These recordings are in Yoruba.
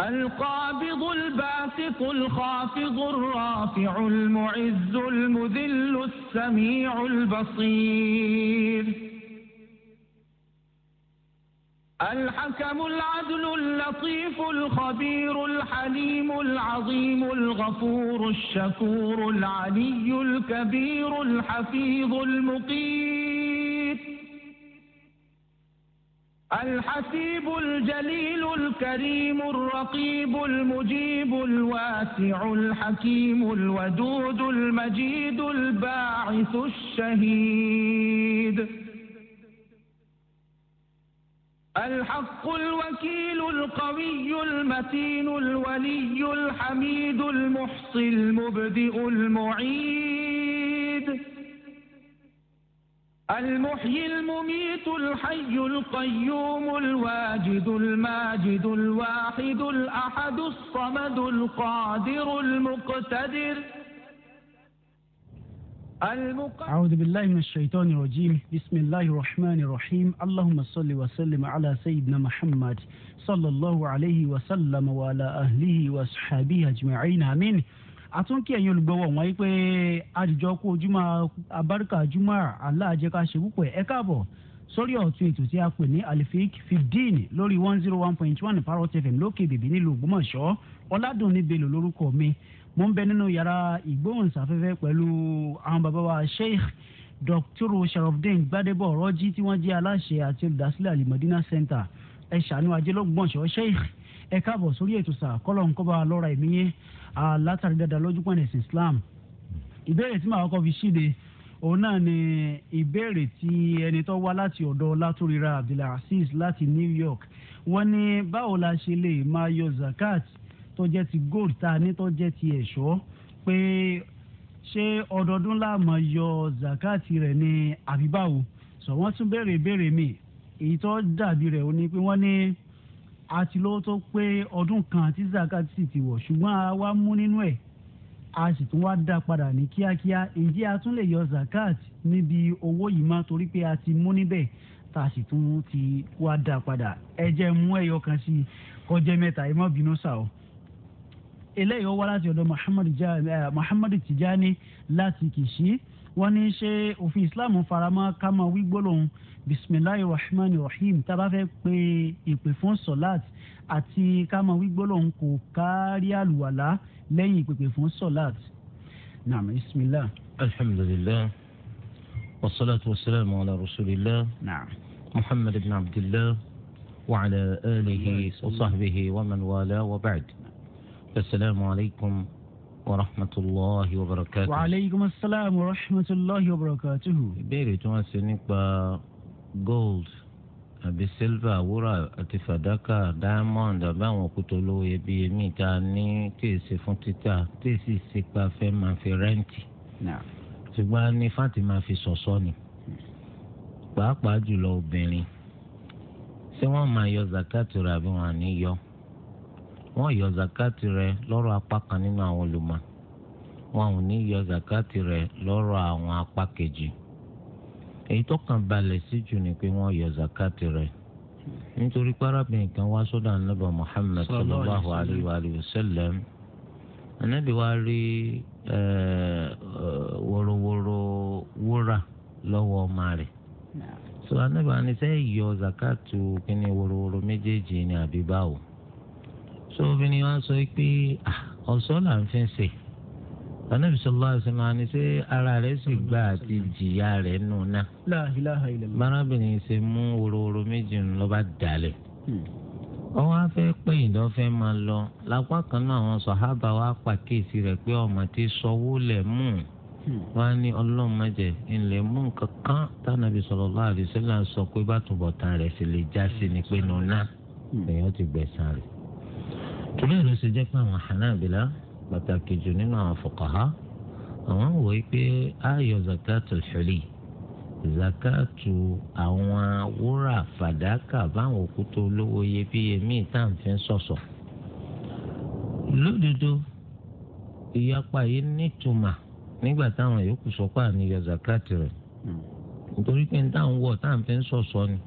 القابض الباسط الخافض الرافع المعز المذل السميع البصير الحكم العدل اللطيف الخبير الحليم العظيم الغفور الشكور العلي الكبير الحفيظ المقيم الحسيب الجليل الكريم الرقيب المجيب الواسع الحكيم الودود المجيد الباعث الشهيد الحق الوكيل القوي المتين الولي الحميد المحصي المبدئ المعيد المحيي المميت الحي القيوم الواجد الماجد الواحد الأحد الصمد القادر المقتدر أعوذ بالله من الشيطان الرجيم بسم الله الرحمن الرحيم اللهم صل وسلم على سيدنا محمد صلى الله عليه وسلم وعلى أهله وأصحابه أجمعين آمين àtúnkì ẹ̀yin olùgbọ́wọ́ wọn wípé àdìjọ kó ojúmọ́ abáríkà júmọ́ aláàjẹká ṣe púpọ̀ ẹ káàbọ̀ sórí ọ̀tún ètò tí a pè ní alifik fifteen lórí one zero one point one parrot fm lókè bèbí nílùú Ògbómọ̀ṣọ́ ọ̀làdùnní belò lórúkọ mi mo ń bẹ nínú yàrá ìgbóhùnsáfẹ́fẹ́ pẹ̀lú àwọn bàbá wa sheikh dr sharafdin gbadebo ọ̀rọ́jì tí wọ́n jẹ́ aláṣẹ àti olùdásílẹ̀ alimọ̀dínà center ẹ̀ṣánú ajẹ́lógbọ̀nsọ̀ sheikh ẹ káàbọ̀ sórí ètò sà kọ́lọ̀ ń kọ́ba lọ́ra ẹ̀mí yẹn látàrí dáadáa lójú pọ̀n ẹ̀sìn Islam ìbéèrè tí màá kọ́ fi ṣíde òun náà ni ìbéèrè tí ẹni tó wá láti ọ̀dọ̀ látòrira Abdulaziz láti New York wọ́n ní báwo la ṣe lè máa yọ zakat tó jẹ́ ti gold tá a ní tó jẹ́ ti ẹ̀ṣọ́ pé ṣé ọdọọdún la máa yọ zakat rẹ̀ ní àbíbáwo sọ wọ́n tún béèrè ìbéèrè mi èyí tó dàbí rẹ̀ ó ní pé wọ́n ní. Ni a ti lówó tó pé ọdún kan tí zakat sì ti wọ̀ ṣùgbọ́n a wá mú nínú ẹ̀ a sì tún wá dá padà ní kíákíá ǹjẹ́ a tún lè yọ zakat níbi owó yìí má torí pé a ti mú níbẹ̀ tá a sì tún ti wá dá padà ẹ mú ẹyọ kan sí i mẹ́ta ẹ má bínú sá o. eléyìí ó wá láti ọ̀dọ̀ Muhammad eh, Tijani láti Kìṣí wọ́n ní ṣé òfin islam faramọ́ ká máa wí gbólóhùn bisimilahi rahman rahim tá a bá fẹ́ pe ìpè fún sọ̀láàt àti ká máa wí gbólóhùn kò kárí àlùwàlá lẹ́yìn ìpèpè fún sọ̀láàt. naam bisimilah. alhamdulilayi wasalaatu wasalaamu ala rasulillah. naam. muhammad ibn abdillah wa ala alihi wa sahbihi wa man wala wa ba'd. asalaamu alaykum warahmatulahi wabarakatuhu. wa aleykum salaam wa rahmatulahi wa barakatuhu. ìbéèrè tí wọ́n ṣe nípa gold àbí silver wúrà àti fàdákà diamond àbí àwọn òkúta olówó iyebíye míì tá a ní tí ì ṣe fún títà tí ì sì ṣe pa fẹ́ máa fi rẹ́ǹtì. ṣùgbọ́n ní fátima fi ṣọ̀ṣọ́ ni pàápàá jùlọ obìnrin ṣé wọ́n máa yọ zakatu rẹ̀ àbí wọn à ní yọ. wọ́n yọ zakati rẹ lọ́rọ̀ apá kan nínú àwọn olùmọ̀ wọn ò ní yọ zakati rẹ lọ́rọ̀ àwọn apá kejì èyí tó kàn balẹ̀ sí jù ni pé wọ́n yọ zakati rẹ nítorí párábìnrin kan wá sọ́dọ̀ anábà muhammed sallallahu alayhi wa sallam anábì wa rí wòrowòro wúrà lọ́wọ́ ọmọ rẹ̀ so anábì wa ní sẹ́yìn yọ zakatu kí ni wòrowòro méjèèjì ni àbí báwo. so obìnrin wa sọ ah, pé ọ̀sọ́ là ń fi ń sè anabi sọlá àṣemáni ṣé ara rẹ̀ sì gbà àti jìyà rẹ̀ nù náà. márabìnrin ṣe mú wòrowòro méjì ló bá dalẹ̀. ọwọ́ hmm. afẹ́ pẹ̀yìn tó fẹ́ máa lọ lápá kan náà àwọn sọ̀hábà wa pàkíyèsí rẹ̀ pé ọmọ ti sọwọ́ lẹ̀ mú un hmm. wọ́n á ní ọlọ́mọdé ńlẹ̀ mú nǹkan kan tánàbí sọlọ́lá sọ pé bá túbọ̀ sì lè já ni pé nù náà lèyàn hmm. ti gbẹ̀sán rẹ̀. torí ẹ̀ ló ṣe jẹ́ pé àwọn hanabila pàtàkì jù nínú àwọn fuqaha àwọn wò ó pé ayọ̀ zakatul huli zakatu àwọn wúrà fàdákà báwọn òkúta olówó iyebíye míì tá à ń sọ̀sọ̀ lódodo ìyapa yìí nítumà nígbà táwọn yòókù sọ pé àníyọ zakati rẹ̀ nítorí pé táwọn wọ táwọn fi ń sọ̀sọ̀ ni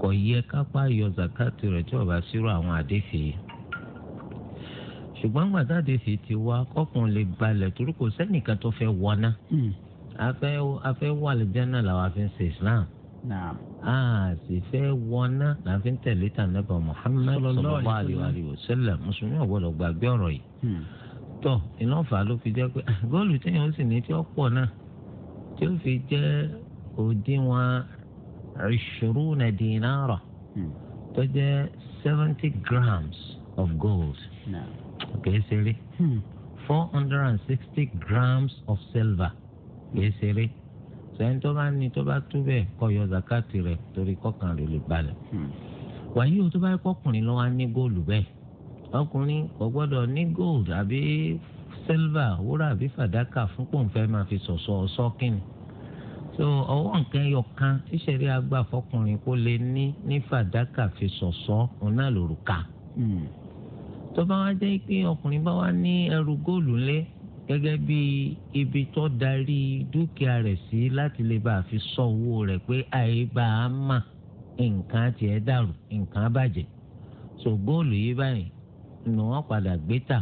kò yẹ kápá yọ tí ṣùgbọ́n gbàdáde sì ti wá kọ́kùn lè balẹ̀ torí kò sẹ́nìkan tó fẹ́ wọná afẹ́ hmm. afẹ́ wà lẹ́jẹ́nà làwọn afi ń ṣe Islam a sì fẹ́ wọná la fi ń tẹ̀lé tànàbà Muhammad sallallahu alaihi wa sallam mùsùlùmí ọ̀gbọ́dọ̀ gbàgbé ọ̀rọ̀ yìí hmm. tọ̀ iná fà ló fi jẹ́ pé ah, góòlù téèyàn sì ní tí ó pọ̀ náà tí ó fi jẹ́ òdiwọ̀n ishruna dinara hmm. tó jẹ́ seventy grams of gold. No kìí ṣeré hmm. four hundred and sixty grams of silver kìí ṣeré sẹ́yìn tó bá ní tó bá tú bẹ́ẹ̀ kó yọ zakati rẹ̀ torí kọ́kàn rẹ̀ lè balẹ̀. Hmm. wàyí o tó bá kọkùnrin lọ́wọ́ á ní góòlù bẹ́ẹ̀ ọkùnrin kò gbọ́dọ̀ ní gold àbí silver wúrà àbí fàdákà fún pòǹfẹ́ máa fi ṣọ̀ṣọ́ sọ́kìnì. so ọwọ́ nǹkan ẹyọ kan tíṣẹ̀rí àgbà fọkùnrin kó lè ní ní fàdákà fi ṣọ̀ṣọ́ òun náà lòrùka. Hmm tó bá wá jẹ́ pé ọkùnrin bá wá ní ẹrù góòlù lé gẹ́gẹ́ bí ibi tó darí dúkìá rẹ̀ sí láti lè bá a fi sọ owó rẹ̀ pé àìbá a mà nǹkan tiẹ̀ dàrú nǹkan bàjẹ́ so góòlù yìí báyìí ni wọ́n padà gbé tà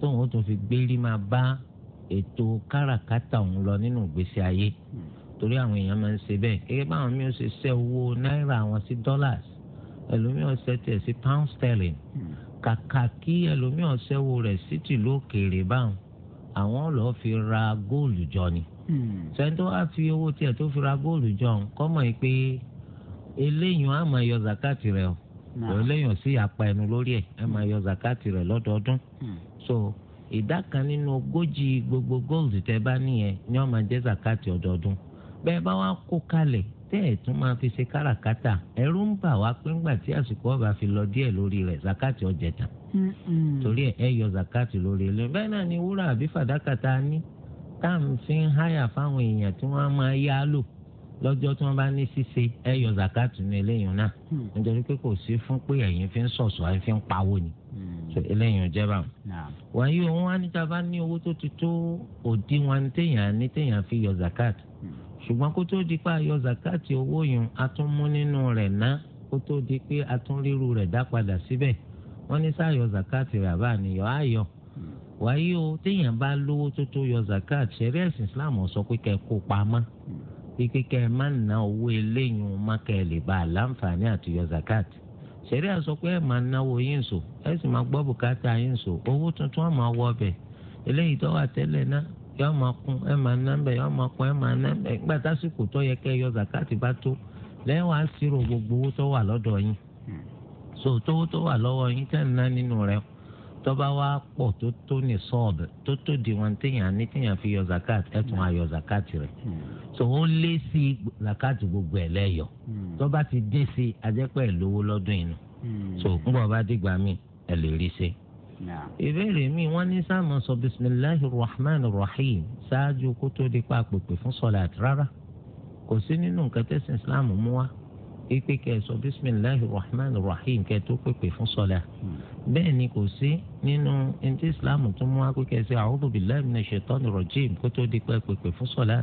tóun ó tún fi gbérí máa bá ètò káràkátà òun lọ nínú ìgbésí ayé torí àwọn èèyàn máa ń ṣe bẹ́ẹ̀ gẹ́gẹ́ báwọn mi ò ṣe ṣẹ́ owó náírà wọn sí dọ́là ẹlòmíràn ṣẹ́ tiẹ̀ sí pound sterling kàkà kí ẹlòmíràn ṣẹ́wó rẹ̀ sí tìlú òkèèrè báwọn àwọn lọ́ọ́ fi ra góòlù jọ ni. sẹ́ńtò hmm. á fi owó tiẹ̀ tó fi ra góòlù jọ kọ́mọ̀ yìí pé eléyìí á máa yọ zakati rẹ̀ o eléyìí ò sí apá ẹnu lórí ẹ̀ ẹ̀ máa yọ zakati rẹ̀ lọ́dọọdún. Hmm. so ìdá kan nínú ogójì gbogbo góòlù tẹ́ bá nìyẹn ni wọ́n máa jẹ́ zakati ọdọọdún bẹ́ẹ̀ bá wá kó kalẹ̀ tẹ́ ẹ̀ tún máa fi ṣe káràkátà ẹ̀rú ń bà wá pé ńgbà tí àsìkò ọba fi lọ díẹ̀ lórí rẹ̀ zakati ọ̀jẹ̀ta torí ẹ̀ yọ zakati lórí rẹ̀ bẹ́ẹ̀ náà ni wúrà àbí fàdákà tá a ní tá à ń fi ń háyà fáwọn èèyàn tí wọ́n máa yá lò lọ́jọ́ tí wọ́n bá ní ṣíṣe ẹ yọ zakatu ní eléyìí náà hmm. nítorí pé kò sí fún pé ẹ̀yin fi ń ṣọ̀ṣọ́ ẹ fi ń pawó ni hmm. eléyìí jẹba. wàyí òun á níta bá ní owó tó ti ní ṣùgbọ́n kó tó di pé ayọ zakati owó yun a tún mú nínú rẹ̀ ná kó tó di pé a tún ríru rẹ̀ dá padà síbẹ̀ wọ́n ní sáyọ zakati rẹ̀ àbá niyọ̀ ayọ̀ wáyé o téèyàn bá lówó tó tó yọ zakati ṣẹ̀rí ẹ̀sìn islam sọ pé kẹ́ kó pamọ́ pé kẹ́ ẹ má ná owó eléyìí má kẹ́ ẹ lè bá a àti yọ zakati ṣẹ̀rí ẹ̀ sọ pé ẹ̀ máa náwó yín sò ẹ̀ sì máa gbọ́ bùkátà yín sò owó tuntun àmọ́ yọ máa kún ẹ máa ná bẹ yọ máa kún ẹ máa ná yọ zakati bá tó wàá gbogbo owó tó wà lọ́dọ̀ yín so tówó tó wà lọ́wọ́ yín tẹ́ ná nínú tó tó di wọn téèyàn ní téèyàn fi yọ zakati ẹ tún á yọ zakati so ó lé sí zakati gbogbo ti dín sí yìí nù so ìbéèrè mi wọ́n ní sáàmù sọ bisimilahi rahman rahim ṣáájú kó tó di pa pèpè fún sọlá rárá kò sí nínú nǹkan tẹ́sán islam mú wa pípé kẹsọ bisimilahi rahman rahim kẹtó pèpè fún sọlá hmm. bẹ́ẹ̀ ni kò sí nínú ẹntì islam tó mú akókè sí a'udhu billahi minash shaitani rajim kó tó di pẹ́ pèpè fún sọlá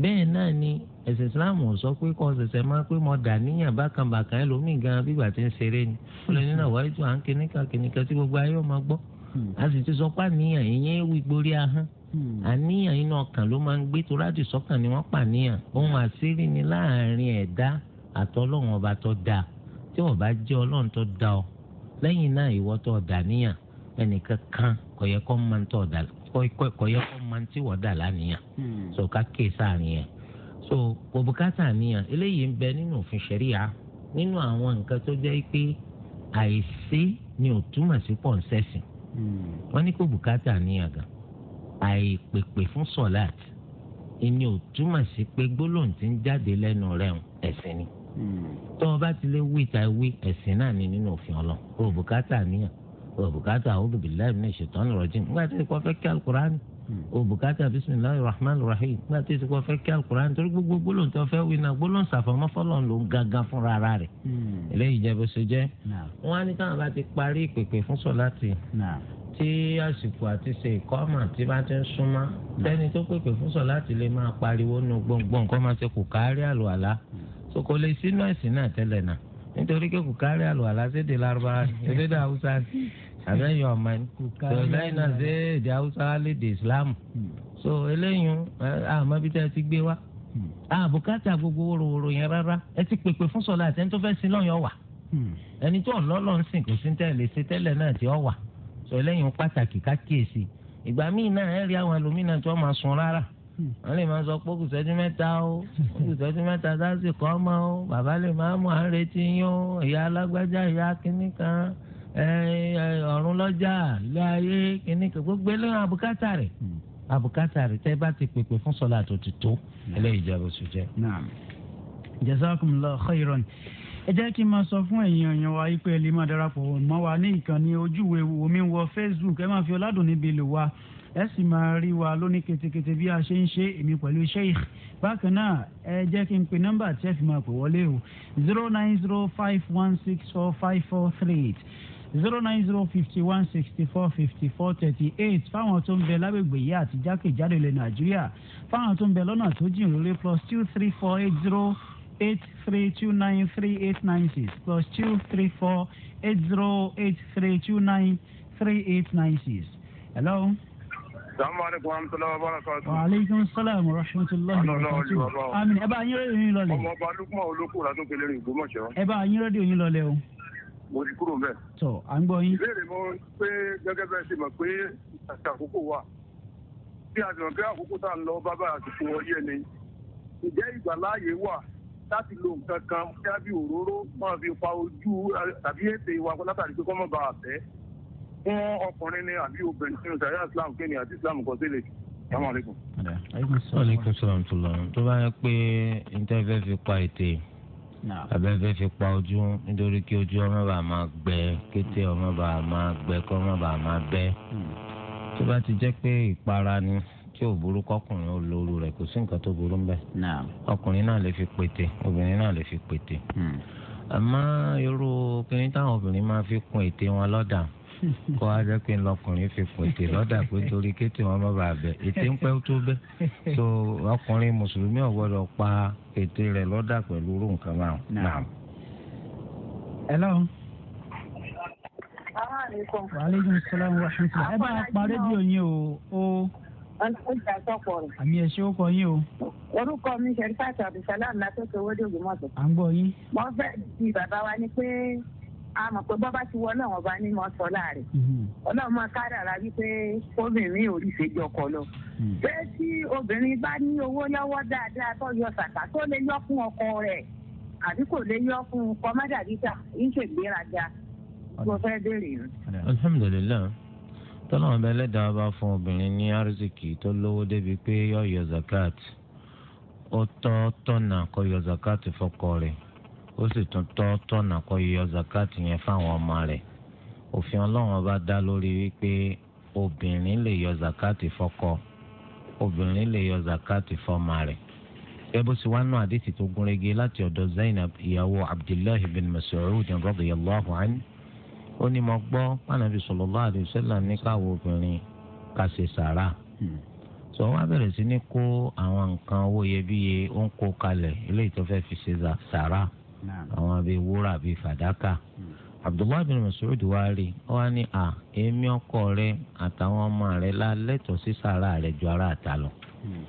bẹ́ẹ̀ náà ni ẹ̀sìn islam ò sọ pé kọ́ ṣẹ̀ṣẹ̀ máa pé mo dà níyàn bákan bàkan ẹlòmíì gan bígbà tí ń ṣeré ni ó lè nínú àwọn ètò à ń kíníkà kíníkà tí gbogbo ayé ọmọ gbọ́ hmm. a sì ti sọ pé àníyàn ìyẹn wí gbórí ahọ́n hmm. àníyàn inú ọkàn ló máa ń gbé tó láti sọ́kàn ni wọ́n pàníyàn ohun àṣírí ni láàrin ẹ̀dá àtọ́lọ́run ọba tó dáa tí wọ́n bá jẹ́ ọlọ́run tó dá ọ lẹ́yìn náà ìwọ tó dà níyàn ẹnìkan kan kò yẹ kó máa ń tọ̀ dà kò máa ń tí wọ́n dà lánìyàn hmm. sọ ká kéè sáàrin so kò bùkátà níyàn eléyìí ń bẹ nínú òfin ṣẹ̀ríà nínú àwọn nǹkan tó jẹ́ pé àìsí ni ò túmọ̀ sí pọ̀ ń sẹ́sìn hmm. wọ́n ní kò bùkátà níyàn gan àìpèpè fún sọ̀láàt ìní ò túmọ̀ sí pé gbólóhùn ti ń jáde lẹ́nu rẹ̀ ẹ̀sìn ni hmm. tó o bá ti lè wí ta wí ẹ̀sìn náà ni nínú òfin ọlọ́run kò bùkátà níyàn kò bùkátà ó bìbí láì rọ̀jìn nígbà tí kò fẹ́ kí alukurani o bùkátà bisimilahi rahman rahim nígbà tí ìsìnkú ọfẹ kí alukur'an torí gbogbo gbólóhùn tí ọfẹ wí náà gbólóhùn ṣàfọmọ fọlọ́n ló ń gangan fúnra ara rẹ̀ hmm. eléyìí jẹ́ bó ṣe jẹ́ wọ́n á ní káwọn bá ti parí ìpèpè fún sọ̀láàtì tí àsìkò àti ṣe ìkọ́mà tí bá ti ń súnmọ́ tẹ́ni tó pèpè fún sọ̀láàtì lè máa pariwo nu gbọ̀ngbọ̀n kọ́ máa ṣe kò kárí àlùhàlà hmm. so kò lè sínú ẹ̀sìn náà tẹ́lẹ̀ náà nítorí pé kò kárí àlùhàlà ṣéde lárúbáwá ṣéde dàrúsá àbẹ́yìn ọmọ ẹni tó lẹ́yìn náà ṣe èdè haúsá lédè islam hmm. so eléyìí àmọ́ bí tẹ́ ti gbé wá àbùkátà hmm. gbogbo wòrowòro yẹn rárá ẹ ti pèpè fún sọlá àti ẹni tó fẹ́ sin lọ́yọ̀ wà hmm. ẹni tó ọ̀lọ́lọ́ ń sìn kò sí tẹ̀lé ṣe tẹ́lẹ̀ náà ti ọ̀ wà so eléyìí pàtàkì ká kíyèsí ìgbà míì náà ẹ rí àwọn ẹlòmíì náà tí wọ́n máa sun rárá wọ́n lè máa sọ pé kù sẹ́jú mẹ́ta o kù sẹ́jú mẹ́ta sáà sì kọ́ ọmọ o bàbá lè máa mú àárẹ̀ tí yín o ìyá alágbájá ìyá kínní kan ọ̀run lọ́jà láàyè kìíní kan gbogbo eléyàn àbùkátà rẹ̀ àbùkátà hmm. rẹ̀ tẹ́ bá ti pèpè fún sọ́lá tó ti tó eléyìí jẹ́ bó ṣe jẹ́. jazakumullahu khairan ẹ jẹ́ kí n máa sọ fún ẹ̀yin èèyàn wa yìí pé máa darapọ̀ mọ́ wa ní ìkànnì ojúwe omi wọ Facebook ẹ máa fi ọ̀làdùn níbi lò wa ẹ sì máa rí wa lóní ketekete bí a ṣe ń ṣe èmi pẹ̀lú sheikh bákan náà ẹ jẹ́ kí n pe nọ́mbà tí ẹ fi máa pè wọlé o zero nine zero five one six four five four three eight zero nine zero fifty one sixty four fifty four thirty eight fáwọn tó ń bẹ lágbègbè yìí àti jákèjádò ilẹ̀ nàìjíríà fáwọn tó ń bẹ lọ́nà tó jìn lórí plus two three four eight zero eight three two nine three eight nine six plus two three four eight zero eight three two nine three eight nine six. hello. salaamaleykum amutulayi wa barakatu. waaleykum salaam wa rahmatulahi wa barakatu. amin ẹ bá a yín rédíò yín lọlẹ. ọmọ ọba lukuma olókùn ladókèlè ìgbọmọṣẹ. ẹ bá a yín rédíò yín lọlẹ o mo ti kúrò mbẹ. tọ à ń gbọ́ yín. ìbéèrè mo pé gẹ́gẹ́ bẹ́ẹ̀ ṣe mọ̀ pé àti àkókò wà bí a sọ̀rọ̀ pé àkókò tá à ń lọ bábà àsìkò ọyẹ ni ǹjẹ́ ìgbàláàyè wà láti lo nǹkan kan bí a bí òróró máa fi pa ojú tàbí ètè wa látàrí pé kọ́mọ̀ bá a bẹ́ fún ọkùnrin ni àbí obìnrin nínú sàríà islam kéènì àti islam kan sílẹ̀ salamaleykum. aleykum salaam tó bá yẹ pé ntẹ́ fi pa ètè abẹ́fẹ́ fi pa ojú nítorí kí ojú ọmọ bàá máa gbẹ kété ọmọ bàá máa gbẹ kọ́ ọmọ bàá máa bẹ́ hmm. tó bá ti jẹ́ pé ìpara ni tí ò burú kọkùnrin ó lóru rẹ̀ kò sí nǹkan tó burú mbẹ ọkùnrin náà lè fi pété obìnrin náà lè fi pété hmm. àmọ́ irú kìnìún táwọn obìnrin máa fi kun ètè wọn lọ́dà. Hmm kó wá jẹ́ pé ńlọkùnrin fi pètè lọ́dà pé torí kété wọn má bàa bẹ̀ ètè ń pẹ́ tó bẹ́ tó ọkùnrin mùsùlùmí ò gbọ́dọ̀ pa ètè rẹ̀ lọ́dà pẹ̀lú irú nǹkan máa nà. hello. wàhálẹ́gùn sọlá ń wáṣọ sílẹ̀ ẹ bá a pa rédíò yín o o. ọlọ́run ṣe àtọ́pọ̀ rẹ̀. àmì ẹ̀ṣẹ́ ó kọ yín o. orúkọ mi ṣe rí pàtàkì àbùsálà ńlá tó ṣe owó dé ògbómọ̀tò. à ń gbọ́ yín. wọ́n fẹ́ di bàbá wa ni pé a mọ̀ pé bọ́bá ti wọ náà wọn bá ní wọn sọ láàrin mhm. ọlọ́run máa kádàrá wípé obìnrin ò rí ìṣèjọ ọkọ lọ mhm. pé tí obìnrin bá ní owó lọ́wọ́ dáadáa tó yọ sàkà tó lè yọ fún ọkọ rẹ̀ àbí kò lè yọ fún kọ́mádàbíta ń ṣègbéraga mo fẹ́ béèrè rẹ̀. alhamdulilayi tọ́lá ọ̀bẹ lẹ́dàá bá fún obìnrin ní arzikì tó lówó débi pé yọ yọ zakat ó tọ́ tọ́nà kó yọ zakat fọ́kọ rẹ̀ ó sì tún tọ́ tọ̀nà kó yọ zakati yẹn fáwọn ọmọ rẹ̀ òfin ọlọ́run bá dá lórí wípé obìnrin lè yọ zakati fọ́kọ obìnrin lè yọ zakati fọ́mọ rẹ̀ ẹbú sí wa nù àdìsí tó gúnrégé láti ọ̀dọ̀ Zainab ìyàwó Abdullahi bin Mas'ud radiyallahu anhu ó ní mo gbọ́ pànàbí nípa àwọn obìnrin hmm. ní kó àwọn nǹkan owó iyebíye ó ń kó kalẹ̀ eléyìí àwọn bíi wúrà bíi fàdákà abdullahi bin masoud wa rí ọ wá ní à èmi ọkọ rẹ àtàwọn ọmọ rẹ la lẹ́tọ̀ọ́ sí sàrà rẹ ju ara àta lọ hmm.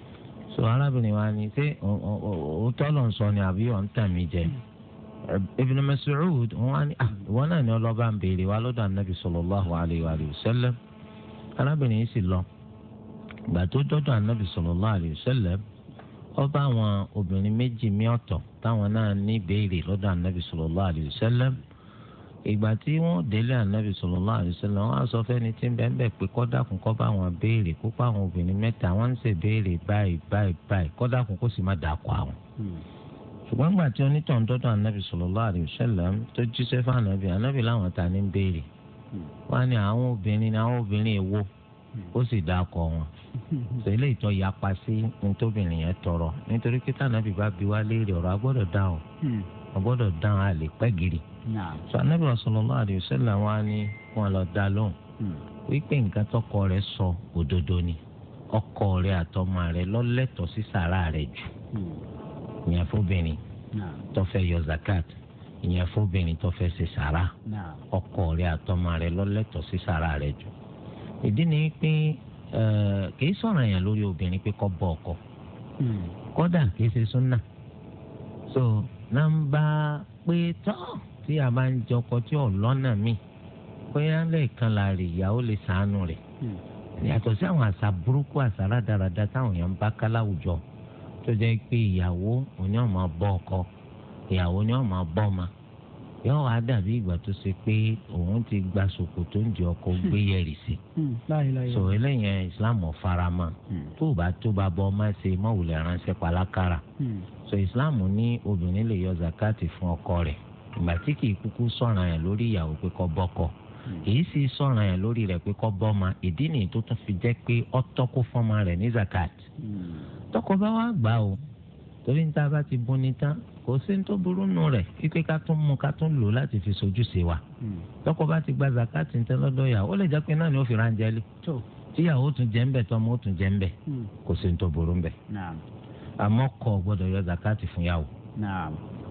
so arábìnrin wa ni ṣé òótọ́ ló ń sọ ni àbí ọ̀ ń tàn mí jẹ ibn masoud wọn á ní à ìwọ náà ni ọlọ́ba ń béèrè wa lọ́dọ̀ anabi sallallahu alayhi wa sallam arábìnrin yìí sì lọ gbà tó dọ́dọ̀ anabi sallallahu alayhi wa sallam ọba àwọn obìnrin méjì mí ọ̀tọ̀ táwọn náà ní ìbéèrè lọ́dọ̀ ànábì sallallahu alaihi wasallam ìgbà tí wọ́n délé ànábì sallallahu alaihi wasallam wọ́n á sọ fẹ́ni tí ń bẹ́ẹ̀ bẹ́ẹ̀ pé kọ́dàkùn kọ́ bá wọn béèrè kó pa àwọn obìnrin mẹ́ta wọ́n ń ṣe béèrè báyìí báyìí báyìí kọ́dàkùn kó sì má dàkọ̀ àwọn. ṣùgbọ́n gbà tí onítàn dọ́dọ̀ ànábì sallallahu alaihi wasallam sọ ilé ìtọ́ ìyapa sí nítòbìnrin yẹn tọrọ nítorí pé tànàbí bá bi wá léèrè ọ̀rọ̀ agbọ́dọ̀ dáhùn hmm. agbọ́dọ̀ dáhùn àlè pẹ́ gírí. sọ anábì sallallahu alaihi wasallam wa ni wọn lọ dá lóhùn hmm. wípé nǹkan tọkọ rẹ sọ òdodo ni ọkọ rẹ àtọmọ rẹ lọ́lẹ́tọ̀ sí sàrà rẹ jù hmm. ìyẹn fóbìnrin tó yọ zakat ìyẹn fóbìnrin tó fẹ́ sàrà ọkọ rẹ àtọmọ rẹ lọ́lẹ́tọ̀ sí sàrà rẹ jù ìdí ni pé kìí sọ̀rọ̀ yẹn lórí obìnrin pé kọ́ bọ ọkọ kọ́dà kìí ṣe súnà so nàmbà pé tọ́ tí a máa ń jọkọ tí ò lọ́nà mi bóyá lẹ́ẹ̀kan la rè ìyàwó lè sàánú rẹ̀ yàtọ̀ sí àwọn àṣà burúkú àṣà rádaràda táwọn èèyàn ń bá ká láwùjọ tó jẹ́ pé ìyàwó òní ọ̀ máa bọ ọkọ ìyàwó ni ọ̀ máa ọmọ yóò wá dàbí ìgbà tó ṣe pé òun ti gba sòkò tó ń di ọkọ hmm. gbé yẹrì sí hmm. sọ eléyẹn islam ọ̀farama hmm. tó o bá tó bá bọ ọmọ ṣe mọ̀wùlẹ̀ ránṣẹ́ palákàrà so islam ní obìnrin lè yọ zakati fún ọkọ rẹ̀ ìgbà tí kì í kúkú sọ̀ràn yẹn lórí ìyàwó pé kọ́ bọ́kọ èyí sì sọ̀ràn yẹn lórí rẹ̀ pé kọ́ bọ́ma ìdí nìyí tó tún fi jẹ́ pé ọ́ tọ́kú fọ́mọ rẹ̀ ní zakati tọkọ bá wá gbà o torí níta bá ti bùn ní tán kò sí ní tó burú nù rẹ̀ kíkẹ́ ká tún mú ká tún lò láti fi sojú ṣe wa. Hmm. tọkọ bá ti gba zakati tán lọ́dọ̀ yà ó lè jẹ́ pé náà ni ó fi ránjẹ́ lé tíyàwó tún jẹ́ ń bẹ̀ tọ́mọ ó tún jẹ́ ń bẹ̀ hmm. kò sí ní tó burú ń bẹ̀. àmọ́ kò gbọ́dọ̀ yọ zakati fún yàwó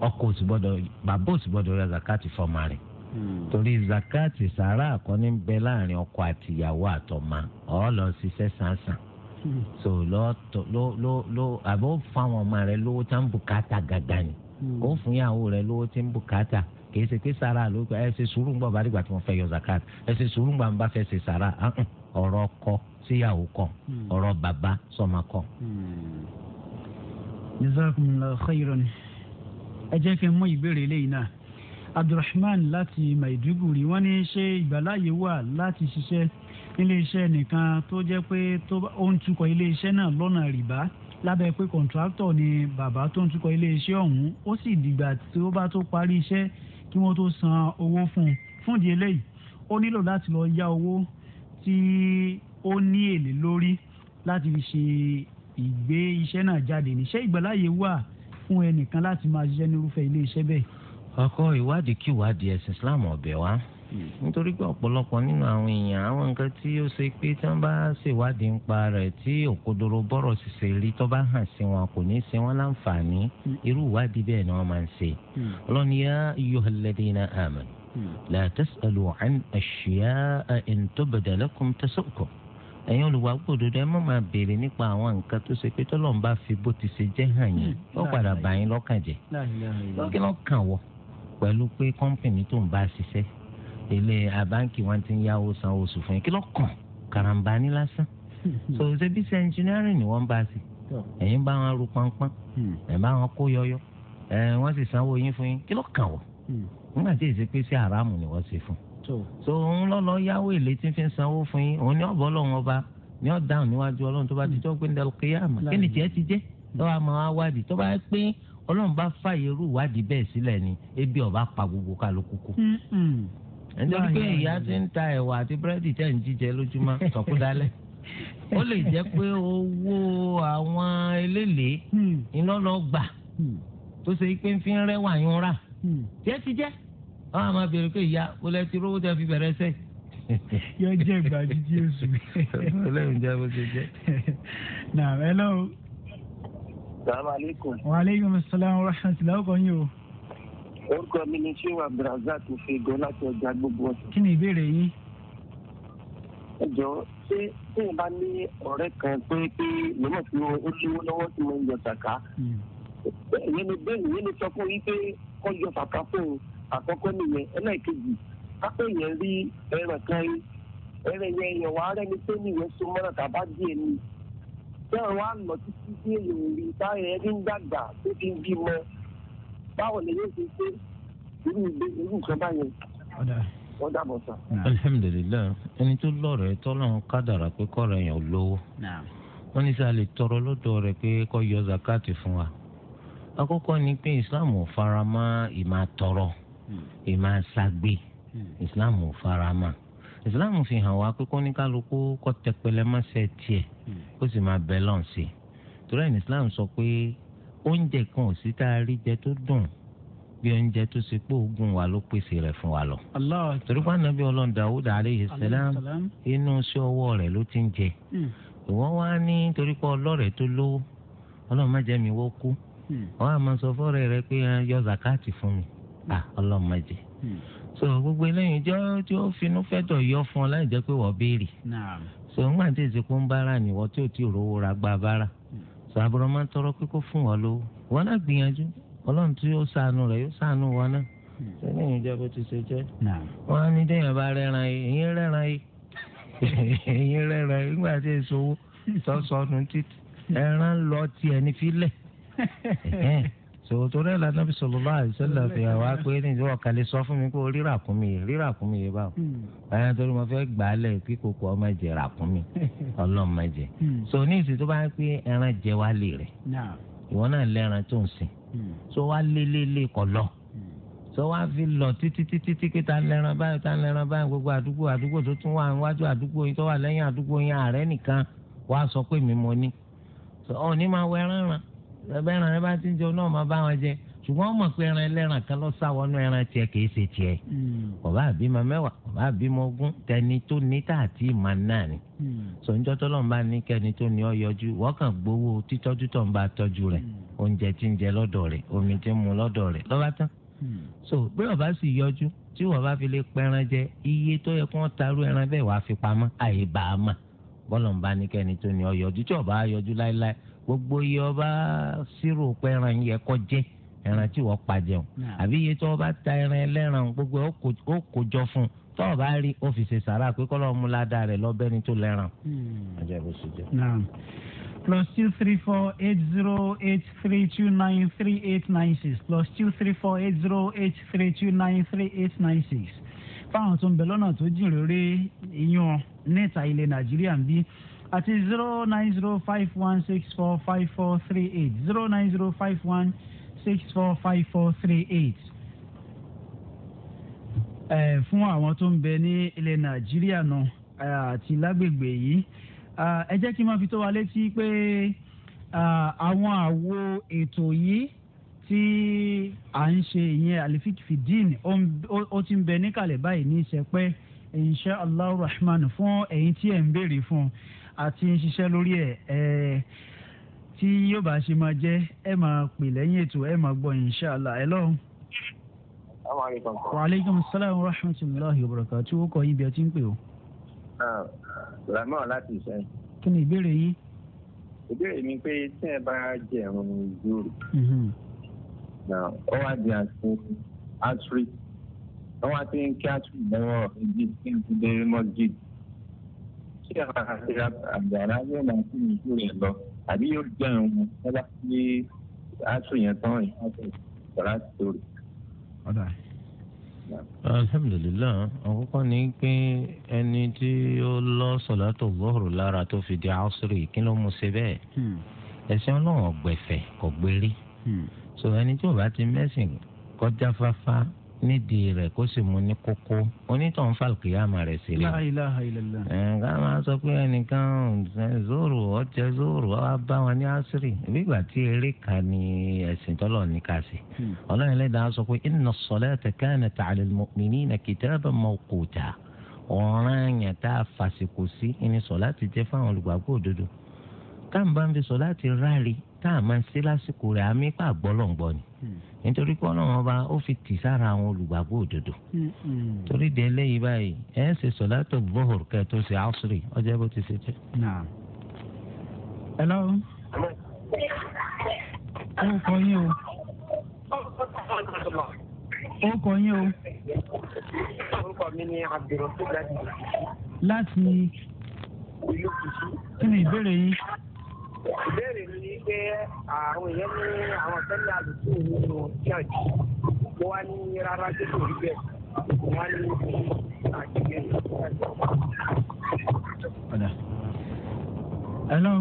ọkọ òsì gbọ́dọ̀ bàbá òsì gbọ́dọ̀ yọ zakati fọ́mọ rẹ̀ hmm. torí zakati sàrà àkọ́ni ń bẹ láàrin Mm. so lọ́tọ̀ ló ló ló àbọ̀ fún àwọn ọmọ rẹ lówó tá ń bùkátà gàgà ni mm. ó fún ìyàwó rẹ lówó tí ń bùkátà kì í ṣe pé sàrà ló gba ẹ ṣe sùúrù ń bọ̀ bá dìgbà tí wọ́n fẹ́ yọ zakat ẹ ṣe sùúrù ń bá bá fẹ́ ṣe sàrà ah, mm, ọ̀rọ̀ ọkọ síyàwó kọ ọ̀rọ̀ bàbá sọmọ kọ. jazakumullahu khairan ẹ jẹ́ kí n mú ìbéèrè eléyìí náà abdulrahman láti maiduguri wọ́n ní ṣé ìgbàláyé wà láti ṣiṣẹ́ iléeṣẹ́ nìkan tó jẹ́ pé ó ń tukọ̀ iléeṣẹ́ náà lọ́nà rìbá lábẹ́ pé kọ̀ǹtrátọ̀ ni bàbá tó ń tukọ̀ iléeṣẹ́ ọ̀hún ó sì dìgbà tí ó bá tó parí iṣẹ́ kí wọ́n tó san owó fún un fún ìdí eléyìí ó nílò láti lọ yá owó tí ó ní èlé lórí láti fi ṣe ìgbé iṣẹ́ náà jáde níṣẹ́ ìgbàláyè wà fún ẹnìkan láti máa ṣiṣẹ́ nírúfẹ́ iléeṣẹ́ bẹ́ẹ̀. ọkọ ìwádìí kí ìwádìí ẹ̀sìn Islam ọ̀bẹ̀ wá nítorí pé ọ̀pọ̀lọpọ̀ nínú àwọn èèyàn àwọn nǹkan tí ó ṣe pé tí wọ́n bá ṣèwádìí nípa rẹ̀ tí òkodoro bọ́rọ̀ ṣiṣẹ́ rí tó bá hàn sí wọn kò ní í ṣe wọ́n láǹfààní irú ìwádìí bẹ́ẹ̀ ni wọ́n máa ń ṣe. ọlọ́ni yá ayyuhal ladina amanu la tas'alu an ashya'a in tubda lakum tasu'kum ẹ̀yin olùwàgbọ́ òdodo ẹ má máa béèrè nípa àwọn nǹkan tó ṣe pé tọ́lọ́run bá fi bó ti ṣe jẹ́ hàn yín ó padà bá yín lọ́kàn jẹ́ lọ́kàn wọ pẹ̀lú pé kọ́ńpìnì tó ń bá ṣiṣẹ́ ilé àbáǹkì wọn ti ń yáwó san oṣù fún yín kí ló kàn karambà ní lásán so ṣebí ṣe engineering ni wọ́n bá sí ẹ̀yin bá wọn ru pọnpọ́n hmm. ẹ̀ bá wọn kó yọyọ ẹ̀ wọ́n sì sanwó yín fún yín kí ló kàn wọ́n hmm. nígbà tí èsì pé sí àràmù ni wọ́n ṣe fún so òun lọ́lọ́ yáwó èlé tí fi ń sanwó fún yín òun ní ọ̀bọ̀ lọ́wọ́n ọba ní ọ̀dáhùn níwájú ọlọ́run tó bá ti hmm. jọ́ pé ndẹ́lu kéyàmà kí ni tiẹ̀ ti jẹ́ lọ́wọ́ àmọ́ àwádìí tó bá pé ọlọ́run bá fàyè irú ìwádìí bẹ́ẹ̀ sílẹ̀ ni ebi ọba pa gbogbo kálukú kù nítorí pé ìyá ti ń ta ẹwà àti búrẹ́dì tẹ̀ ń jíjẹ lójúmọ́ ó lè jẹ́ pé owó àwọn eléèlé hmm. iná lọ gbà hmm. tó ṣe pé ń fi ń rẹ́wà hmm. jẹ́ ti jẹ́ wọ́n á máa bèrè pé ìyá o lẹ ti rówó tẹ fi bẹ̀rẹ̀ sẹ́yìn yóò ìgbà jíjí oṣù. bó ṣe hello. salaamaleykum. wa aleykum salaam wa rahmatulah ọkọ yín o. orúkọ mi ni ṣé wà brazil tó fi gan láti ọjà gbogbo ọ̀sẹ̀. kí ni ìbéèrè yín. ẹ jọ ṣé tí n bá ní ọ̀rẹ́ kan pé pé lọ́mọ̀ tí ó lówó lọ́wọ́ tí mo ń yọ sàká ìyẹn hmm. ni bẹ́ẹ̀ ìyẹn ni sọ fún yín pé kọ́ yọ sàká fún àkọ́kọ́ nìyẹn ẹlẹ́ẹ̀kejì pápẹ́ yẹn rí ẹran kan yín ẹran yẹn yẹn wàá rẹ́ni pé nìyẹn so mọ́ra tàbá díẹ̀ ni bẹ́ẹ̀ wàá lọ títí sí èèyàn rí táyà ẹni báwo lè yóò ṣe ṣe irú ìgbé irú nǹkan báyẹn wọ́n dàbọ̀ sá. alihamudulilayi ẹni tó lọ́rọ̀ ẹ tọ́lọ́run kádàrà pé kọ́ra èèyàn lówó wọ́n ní sáà lè tọrọ lọ́dọ̀ rẹ̀ pé kó yọ zakati fún wa àkọ́kọ́ ni pé islam ò fara mọ́ ìmà tọrọ hmm. ìmà ṣagbe hmm. islam ò fara mọ́ islam fi hàn wá pé kó ní kálukú kó tẹpẹlẹ mọ́sẹ̀ tiẹ̀ hmm. kó sì máa bẹ̀ lọ́n torí ẹni islam sọ pé. oúnjẹ kan ò sí tá a rí jẹ tó dùn bí oúnjẹ tó ṣe pé oògùn wa ló pèsè rẹ̀ fún wa lọ. torí pé ànábì ọlọ́run aleyhi sàlám inú sí ọwọ́ rẹ̀ ló ti ń jẹ. Hmm. ìwọ́n wá ní torí ọlọ́rẹ̀ tó lówó ọlọ́run má jẹ́ mi wọ́n kú. Hmm. wọ́n á máa sọ fọ́ọ̀rẹ́ rẹ pé ah, yọ zakati fún mi hmm. ah, ọlọ́run má so gbogbo eléyìí jẹ́ tí ó finú fẹ́tọ̀ yọ fún ọ láì jẹ́ pé sàbọ̀rọ̀ máa ń tọrọ pé kó fún wọn lówó wọn náà gbìyànjú ọlọ́run tí yóò sànù rẹ̀ yóò sànù wọn náà sẹ́ni ìjẹ́ bó ti ṣe jẹ́ wọn á ní déyàn bá rẹ́ran yìí èyí rẹ́ran yìí èyí rẹ́ran yìí nígbà tí èso sọ́sọ́nù títí ẹran lọ tiẹ̀ ní fílẹ̀ sòwòtòrò ẹ̀ lànà bisalòlá àìsílẹ̀ fi hàn wá pé ní ìjọba kàlẹ́ sọ fún mi kó rírà kún mi rírà kún mi yé báwo báyọ̀ hmm. torí mo fẹ́ gbà á lẹ̀ kí kòkó ọmọ ẹ̀jẹ̀ rà kún mi ọlọ́run má jẹ hmm. so ní ìsìn tó bá ń pé ẹran jẹ wá lè rẹ̀ ìwọ náà lẹ́ran tó ń sìn hmm. so wá lélẹ́lẹ́ kọ̀ lọ so wá fi lọ títí títí tí pé ta lẹ́ran báyìí ta lẹ́ran báyìí gbogbo àdúgbò àdúgbò tó tún wà níwájú àdúgbò yín tó wà lẹ́yìn àdúgbò yín ààrẹ nìkan wá sọ pé mi mo ní so ọ̀ ní máa wẹ ẹran ràn bàbá ẹran rẹ bá ti ń jẹun náà máa bá wọn jẹ ṣùgbọ́n wọ́n mọ̀ pé ẹran ẹlẹ́ran kan lọ sá wọnú ẹran tiẹ̀ kìí ṣe tiẹ̀ ọba hmm. àbímọ mẹ́wàá ọba àbímọ ogún tẹni tó ní tààtì ìmọ̀ náà ni hmm. sọ̀njọ́ tọ́lọ́run bá ní kẹni tó ní ọ yọjú wọ́n kàn gbowó títọ́jú tó ń bá tọ́jú rẹ̀ hmm. oúnjẹ tí ń jẹ lọ́dọ̀ rẹ̀ omi tí ń mu lọ́dọ̀ rẹ̀ lọ́ba tán so bí ọba sì yọjú tí wọ́n bá fi lè pẹran jẹ iye tó yẹ kó wọ́n tarú ẹran bẹ́ẹ̀ wàá fi pamọ́ àyè bàá mà bọ́lọ̀ ń bá ní kẹni tó ní ọ yọjú tí ọba yọjú láéláé gbogbo iye ọba sírò pé ẹran yẹ kọ jẹ ẹran tí wọ́n pa jẹun àbí iye tó ọba ta ẹran ẹlẹ́ran gbogbo ó kó jọ fún tó ọba rí ó sàrà pé kọ́lọ́ mú ládàá rẹ̀ lọ́bẹ́ni tó lẹ́ran. Hmm. plus two three four eight zero eight three two nine three eight nine six plus two three four eight zero eight three two nine three eight nine six fáwọn tó ń bẹ lọ́nà tó jìn lórí iyún níta ilẹ̀ nàìjíríà ń bí àti zero nine zero five one six four five four three eight zero nine zero five one six four five four three eight. Eh, fún àwọn tó ń bẹ ní ilẹ̀ nàìjíríà náà àti lágbègbè yìí ẹ jẹ́ kí n máa fi tó wa létí pé àwọn àwo ètò yìí tí à ń ṣe ìyẹn alifik fidin ó ti ń bẹ níkàlẹ̀ báyìí ní ìṣẹ́pẹ́ insha allah rahman fún ẹ̀yin tí ẹ̀ ń béèrè fún un àti ń ṣiṣẹ́ lórí ẹ̀ ẹ̀ tí yóò bá ṣe máa jẹ́ ẹ máa pè lẹ́yìn ètò ẹ máa gbọ́ inshallah ẹ lọ́hùn. wa aleykum salaam wa rahmatulahi wa barakatuh tí ó kọ ibi ẹ ti ń pè o. Ah, ramon láti ìṣe. kí ni ìbéèrè yín. ìbéèrè mi pé tí ẹ bá jẹun ìjòrò ọ wá di àṣẹ àṣírí ọ wá ti ń kí àṣírí lọ́wọ́ ibi tí ń fi dé mọ́jì ṣé àwọn àṣẹ àgbàrá yóò máa kí ni ìlú rẹ lọ àbí yóò jẹ òun lọ́wọ́ sí aṣọ yẹn tán ìfọ̀tò ìfọ̀rá sórí. alhamdulilayi àkọ́kọ́ ni pé ẹni tí ó lọ sọ̀látò bọ́ọ̀rù lára tó fi di àṣírí kí ló mú ṣe bẹ́ẹ̀ hmm. ẹ̀sìn ọlọ́run ọ̀gbẹ̀fẹ̀ kò gbérí hmm. so ẹni tí ò bá ti mẹ́sìn kọjá fáfá nídìí rẹ̀ kó sì mú ní kókó onítàn fàlùkìyàmà rẹ̀ sí rẹ̀. ká máa sọ pé ẹnìkan zoro ọjẹ zoro ọ bá wọn ní àṣírí nígbà tí eré kan ní ẹ̀sìn tọ́lọ̀ ní ká sí. Hmm. ọlọ́run lẹ́dàá sọ pé inna as-salata kanat 'ala al-mu'minina kitaban mawquta ọ̀ràn yẹn tá a fàṣìkò sí ẹni sọ̀lá ti jẹ́ fáwọn olùgbàgbọ́ òdodo táwọn ń fi sọ̀lá ti ráre táwọn máa ń nítorí pé ọlọ́run ọba ó fi tì sára àwọn olùgbàgbọ́ òdodo torí de eléyìí báyìí ẹ ń ṣe sọ̀látò bọ́ọ̀rù kẹ́ tó ṣe àṣírí ọjọ́ bó ti ṣe jẹ́. hello. ó kọ yín o. ó kọ yín o. orúkọ mi ni abdulrasheed láti. láti. kí ni ìbéèrè yín ìbéèrè mi ni pé àwọn èèyàn ní àwọn kan ní àlùkò nínú church mo wá ní rárá tó kò rí bẹ́ẹ̀ mo wá ní àjẹgẹ́ ní. hello.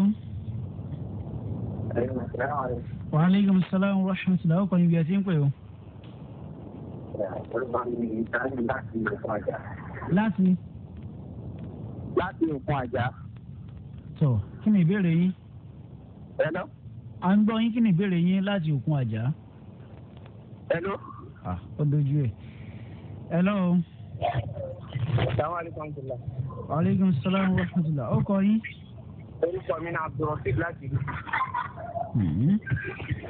wa aleykum salaam wa rahmatulah ọkọ níbi ẹtí ń pè o. olùbá mi ìtàlẹ́ láti nǹkan àjà. láti. láti nǹkan àjà. tó kí ni ìbéèrè yín. Hello. à ń gbọ́ yín kí ni ìbéèrè yín láti òkun àjà. Hello. ah ó dojú ẹ̀. Hello. salaamaleykum tula. aleykum salaam wa rahmatulah ó kọ yín. orúkọ mi náà abdulrasheed láti rí. Hmm.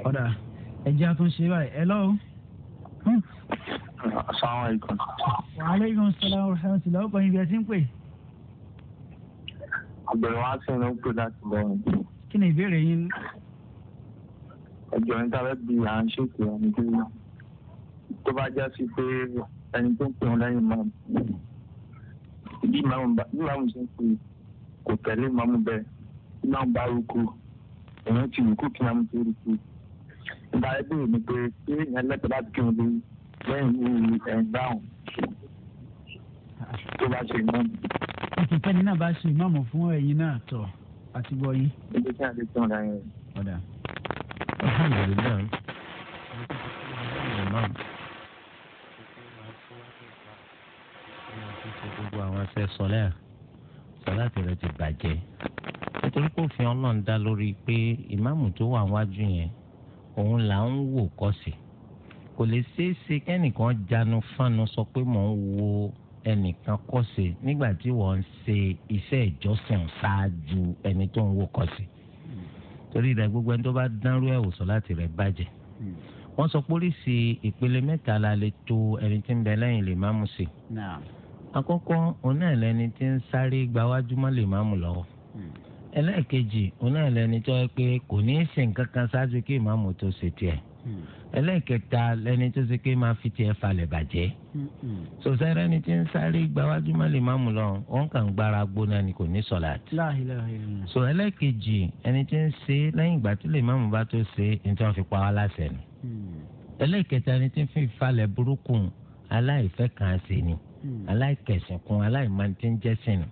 ọ̀dà ẹ̀jẹ̀ àtúnṣe báyìí. Hello. Hmm. Asalaamualeykum. Waaleykum salaam wa rahmatulah. Ó kọ́ yín bí ẹ ti ń pè. Àbẹ̀rẹ̀ wá sí ẹni ó láti bọ̀ ọ́n kí ni ìbéèrè yín. ẹjọ́ ní tàbí bí à ń ṣètò ẹni tó tó bá já sí pé ẹni tó ń pè wọn lẹ́yìn máa bí màmú ṣe ń pè kò tẹ̀lé màmú bẹ́ẹ̀ bí màmú bá rúkú èèyàn ti rúkú kí màmú tó rúkú ìgbà ẹgbẹ́ mi pé pé èèyàn lẹ́tọ̀ọ́ láti kí wọn lé lẹ́yìn ẹ̀yìn dáhùn tó bá ṣe mọ́. ìtìtẹ́ni náà bá ṣe ìmọ̀ọ́mọ̀ fún ẹ̀yin náà tọ̀ àti gbọ́ yín. ibi tí a lè tún ọ̀dà yẹn. ọ̀dà. alhamdulilayi imam gbogbo àwọn ẹsẹ sọlẹ sọláàtì rẹ ti bàjẹ́ nítorí pé òfin Ọlọ́run dá lórí pé ìmáàmù tó wà wájú yẹn òun là ń wò kọsì kò lè ṣeé ṣe kẹ́nìkan jánu fánu sọ pé mò ń wo ẹnìkan kọ́sẹ̀ nígbà tí wọ́n ń ṣe iṣẹ́ ìjọsìn ṣáájú ẹni tó ń wò kọ́sẹ̀ torí rẹ̀ gbogbo ẹni tó bá dánrú ẹ̀ wòsàn láti rẹ̀ bàjẹ́ wọ́n sọ pólíṣì ìpele mẹ́ta la lè tò ẹni tí ń bẹ lẹ́yìn lè má mú sí i àkọ́kọ́ òun náà lẹni tí ń sáré gbawájú mọ́ lè má mú lọ́wọ́ ẹlẹ́ẹ̀kejì òun náà lẹni tó yẹ pé kò ní í ṣe nǹkan ṣáájú kí ìmáàmù tó ṣe tiẹ̀ hmm ẹlẹ́ẹ̀kẹta lẹni tó ṣe pé máa fi tiẹ̀ falẹ̀ bàjẹ́ sọ̀sẹ́rẹ́ ni tí ń sáré gbáwájú má lè má mú lọ wọn kàn gbára gbóná ni kò ní sọ̀láàtì. sọ ẹlẹ́ẹ̀kejì ẹni tí ń ṣe lẹ́yìn ìgbà tí lè má mú bá tó ṣe ní tí wọ́n fi pa wá láṣẹ ni. Mm. ẹlẹ́ẹ̀kẹta ni tí ń fi falẹ̀ burúkú aláìfẹ́ kan ṣe ni mm. aláìkẹsìnkún aláìmọ̀tí ń jẹ́sìn ni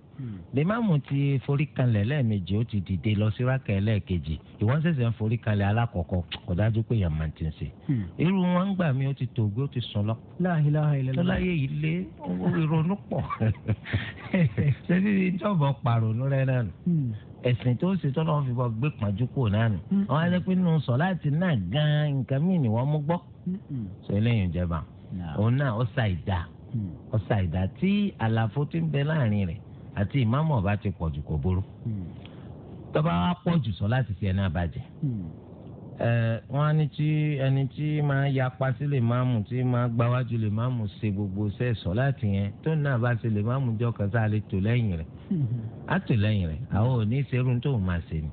limamu ti forí kanlẹ̀ lẹ́ẹ̀mejì ó ti dìde lọ sí rákà lẹ́ẹ̀kejì ìwọ́n ṣẹ̀ṣẹ̀ ń forí kanlẹ̀ alákọ̀ọ́kọ́ kò dájú pé èèyàn máa ti ń ṣe. Hmm. irú wọn ń gbà mí ó ti tògbé ó ti sùn lọ. tọ́láyé yìí lé ìrònú pọ̀ ṣé ní ìjọba pàrònú rẹ náà nù hmm. ẹ̀sìn tó ṣe tọ́lọ́ fi bọ́ gbé pọ́njú kò náà nù. Hmm. wọ́n á lé pé nínú sọ láti náà gan nǹkan míì ni wọ́n mú gbọ́. sọ eléyìí àti ìmáàmù ọba ti pọ̀ jù kò burú hmm. tọ́ba wa pọ̀ jù sọ láti fi ẹni àbàjẹ́ hmm. ẹ wọ́n á ní tí ẹni tí máa yapa sí lè máàmù tí máa gbáwájú lè máàmù ṣe gbogbo ṣe sọ láti yẹn tó náà bá ṣe lè máàmù jọ kan lè tò lẹ́yìn rẹ̀ á hmm. tò lẹ́yìn rẹ̀ àwọn ò ní ṣerú tó máa ṣe ni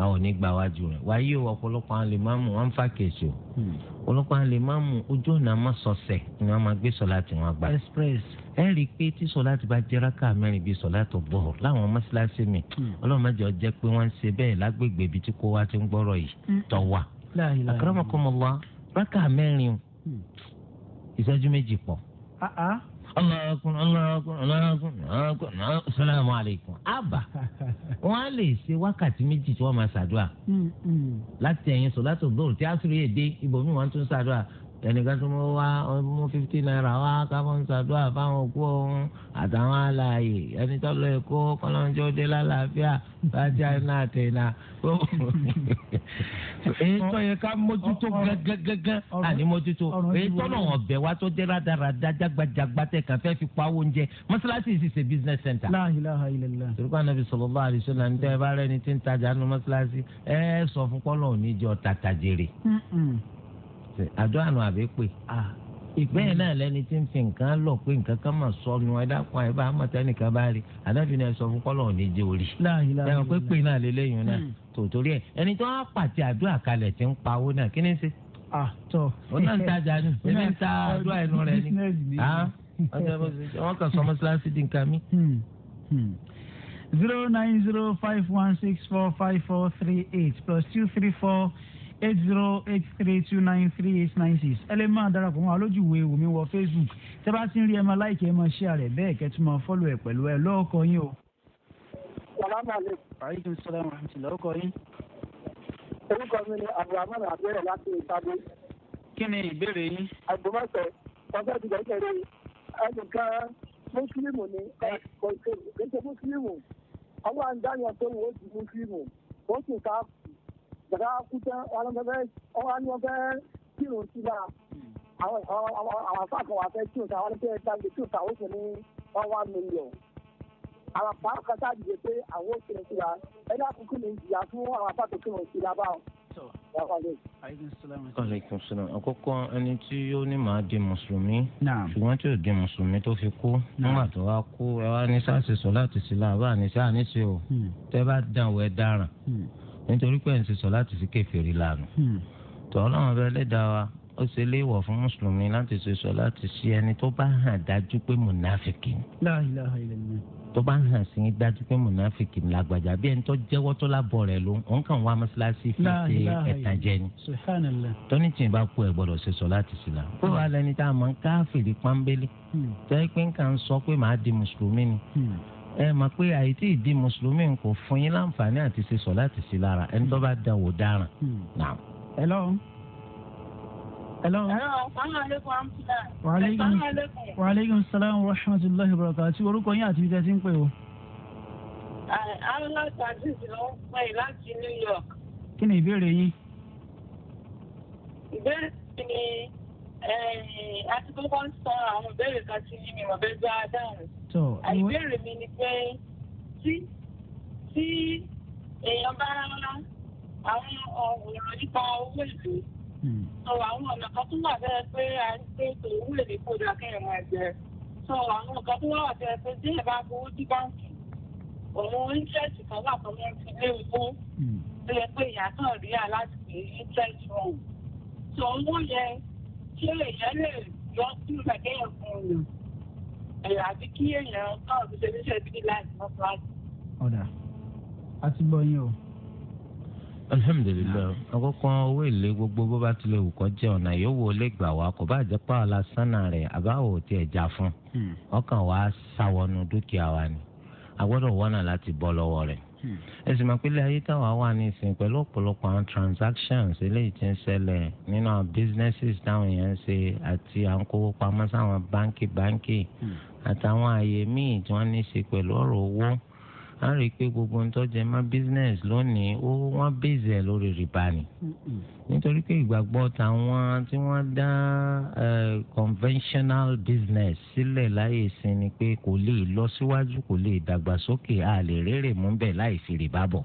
àwọn ò ní gbáwájú rẹ̀ wáyé ọ̀pọ̀lọpọ̀ àwọn lè máàmù wọn fà kèsì Hmm. ọlọ́pàá lè má mú ojú ọ̀nà má sọ̀sẹ̀ ni wọ́n máa gbé sọ̀lá tí wọ́n gbà. express ẹ rí i pé tí sọ̀lá ti bá jẹ́ráka mẹ́rin bíi sọ̀lá tó bọ̀ láwọn mọ́ṣáláṣí mi hmm. ọlọ́run má jẹ́ ọ jẹ́ pé wọ́n ń ṣe bẹ́ẹ̀ lágbègbè ibi tí kò wá ti ń gbọ́rọ̀ yìí tọ̀ wá. àkàràmọ̀kọ́mọ wa ráka mẹ́rin hmm. ìṣẹ́jú méjì pọ̀. Ah, ah aláàkùn aláàkùn aláàkùn aláàkùn asalaamu aleykum aba wọn á lè ṣe wákàtí méjì tí wọn máa ṣàdúrà mm, mm. láti ẹ̀yìn sọ láti òdòrò tí a sọ̀rọ̀ yẹ dé ibòmí tún ṣàdúrà ẹnìkan tó mọ wá mú fifty naira wá káfọ́n ṣàdúrà fáwọn òkú ọ̀hún àtàwọn àlàyé ẹni tó lọ èkó kọ́lọ́njọ́ dé lálàáfíà bájá iná àtẹ̀nà. èyí tó yẹ ká mójútó gángan àní mójútó èyí tó lọ wọn bẹ̀ wá tó dé rádaràdá jágbajàgba tẹ̀ kàn fẹ́ fi pa owó oúnjẹ mọ́ṣáláṣí sì ṣe business center. la ilaha illallah. torí kan nàbì sallallahu alaihi wasallam tẹ́ ẹ bá rẹ́ni tí ń tajà nù mọ́ṣáláṣí ẹ sọ fún kọ́lọ́ ọ̀sẹ̀ àdó àná àbí pè bẹ́ẹ̀ náà lẹni tí ń fi nǹkan lọ pé nǹkan kan mà sọnù ẹ dákun ẹ bá a mọ̀tẹ́ nìkan bá rí àdábìnrin ẹ sọ fún kọ́lọ̀ ò ní jẹ́ orí. ẹ̀rọ pé pè náà lélẹ́yìn náà hmm. tòótórí ẹ̀ ẹni tó wá pàtẹ àdó àkàlẹ̀ tí ń pawó náà kí ni ṣe. àtọ̀ òun náà ń tajà ni èmi ń ta àdó àìnú rẹ ni wọ́n kàn sọ mọ́ṣáláṣí di nǹkan mi. Hmm, hmm. zero nine zero five one six four five four three eight plus two three four eight zero eight three two nine three eight nine six ẹ lè máa darapọ̀ mọ́ alójúwe wòmí wọ facebook tẹ́ bá ti ń rí ẹ máa láìkí ẹ máa share rẹ̀ bẹ́ẹ̀ kẹ́ tún máa fọ́lù ẹ̀ pẹ̀lú ẹ lọ́ọ̀kọ́ yín o. salaamaleykum. aleykum salaam wa rahmatulah ọkọ yín. orúkọ mi ni abdulhamid abdulhamid láti ìtàgé. kí ni ìbéèrè yín. àgbọ̀mọ̀sẹ̀ ọ̀sẹ̀ ti gbẹ̀kẹ̀ rẹ̀ ẹnìkan mùsùlùmù ni kẹ̀kẹ́ mùsùlùmù ọwọ́ àǹdáyàn tó wò ó di mùsùlùmù ó gbàdá kú tán wọn fẹ́ wọn ni wọn fẹ́ kírun sí lára àwọn àfáà kan wà fẹ́ kírun sí àwọn fẹ́ ta lè kírun sí àwọn kò ní wọn wá mílíọ̀n àwọn àfáà kan sáà dìde pé àwọn ò kírun sí la ẹni àkókò ní ìjìyà fún àwọn àfáà tó kírun sí la báwọn. Aleykum salaam. Àkọ́kọ́ ẹni tí yóò ní màá di Mùsùlùmí. Ṣùgbọ́n tí ò di Mùsùlùmí tó fi kú. Nígbà tó wá kú ẹ wá ní sáà ṣe sọ láti sílá àbá àníṣe àníṣe o. Hmm. Tẹ́ bá dàn wẹ́ dáràn. Hmm nítorí pé ẹ̀ ń ṣe sọ láti sí kèfèrí lànà hmm. tọ́ ọlọ́run bẹ lẹ́dàá wa ó ṣe léèwọ̀ fún mùsùlùmí láti ṣe sọ láti ṣí ẹni tó bá hàn dájú pé mùnàfíkì ni tó bá hàn sí ní dájú pé mùnàfíkì ni lágbàjá bí ẹni tó jẹ́wọ́ tó lábọ̀ rẹ̀ ló ń kàn wá mọ́ṣáláṣí fi ṣe ẹ̀tàn jẹ ni tóní tì bá kú ẹ̀ gbọ́dọ̀ ṣe sọ láti sí la hmm. ó wà lẹni tá a mọ̀ ń káfìrí pọ́nbélé hmm. tẹ́ pé ń kàn sọ pé màá di mùsùlùmí ni ẹ mọ̀ pé àìtí ìdí mùsùlùmí kò fún yín láǹfààní àti ṣe sọ láti sí lára ẹni tó bá dán wò dáràn. Hmm. hello. hello. wa aleykum salaam wa rahmatulahi wa barakatuh orúkọ yín àti ibi tẹ́ ti ń pè o. arnold aziz ló ń pè láti new york. kí ni ìbéèrè yín. ìbéèrè mi ni àti kókó ń sọ àwọn ìbéèrè kan sí mi mọ̀ bẹ́ẹ̀ bá a dáhùn sí tó ìbéèrè mi ni pé tí tí èèyàn bá àwọn ọ̀rọ̀ nípa owó ìlú tó hmm. àwọn ọ̀nà kan tó wà bẹ́ẹ̀ pé à ń gbé ètò owó èlé kó dà kẹ́yìn máa jẹ tó àwọn nǹkan tó wà bẹ́ẹ̀ pé tí ẹ̀ bá gbowó sí báńkì òun interest kan wà tó wọ́n fi lé owó hmm. tó yẹ pé ìyàtọ̀ rí aláṣẹ interest wọn tó owó yẹn ṣé èèyàn lè yọ sí ìgbàgbé ẹ̀kọ́ yẹn ẹ̀yà àti kí èèyàn náà ti ṣe níṣẹ́ bíi láti mọ́ fúláàtì. ọ̀dà a ti gbọ́ yín o. alhamdulilayi àkọ́kọ́ owó èlé gbogbo bó bá tilẹ̀ wù kọ́ jẹ́ ọ̀nà yòówó lè gbà wá kò bá jẹ́ pààlà lásánà rẹ̀ àbáwò tí ẹ̀ já fún hmm. ọkàn wa sáwọnú dúkìá wa ni a gbọ́dọ̀ wọ́nà láti bọ́ lọ́wọ́ rẹ̀ hmm. ẹ sì máa pé ilé ayé táwa wà nísìnyí pẹ̀lú ọ̀pọ̀lọpọ̀ àwọn transactions eléyìí tí ń ṣẹlẹ̀ nínú àwọn businesses táwọn èèyàn ń ṣe àti à ń kówó pamọ́ sáwọn báńkì báńkì hmm àtàwọn àyè míì tí wọ́n ní í ṣe pẹ̀lú ọ̀rọ̀ owó a rí i pé gbogbo ntọ́jẹ má business lónìí ó wọ́n bèzè lórí rìbá ni nítorí pé ìgbàgbọ́ tàwọn tí wọ́n dá conventional business sílẹ̀ láyè sí ni pé kò lè lọ síwájú kò lè dàgbàsókè a lè rérè mú bẹ́ẹ̀ láì fi rìbá bọ̀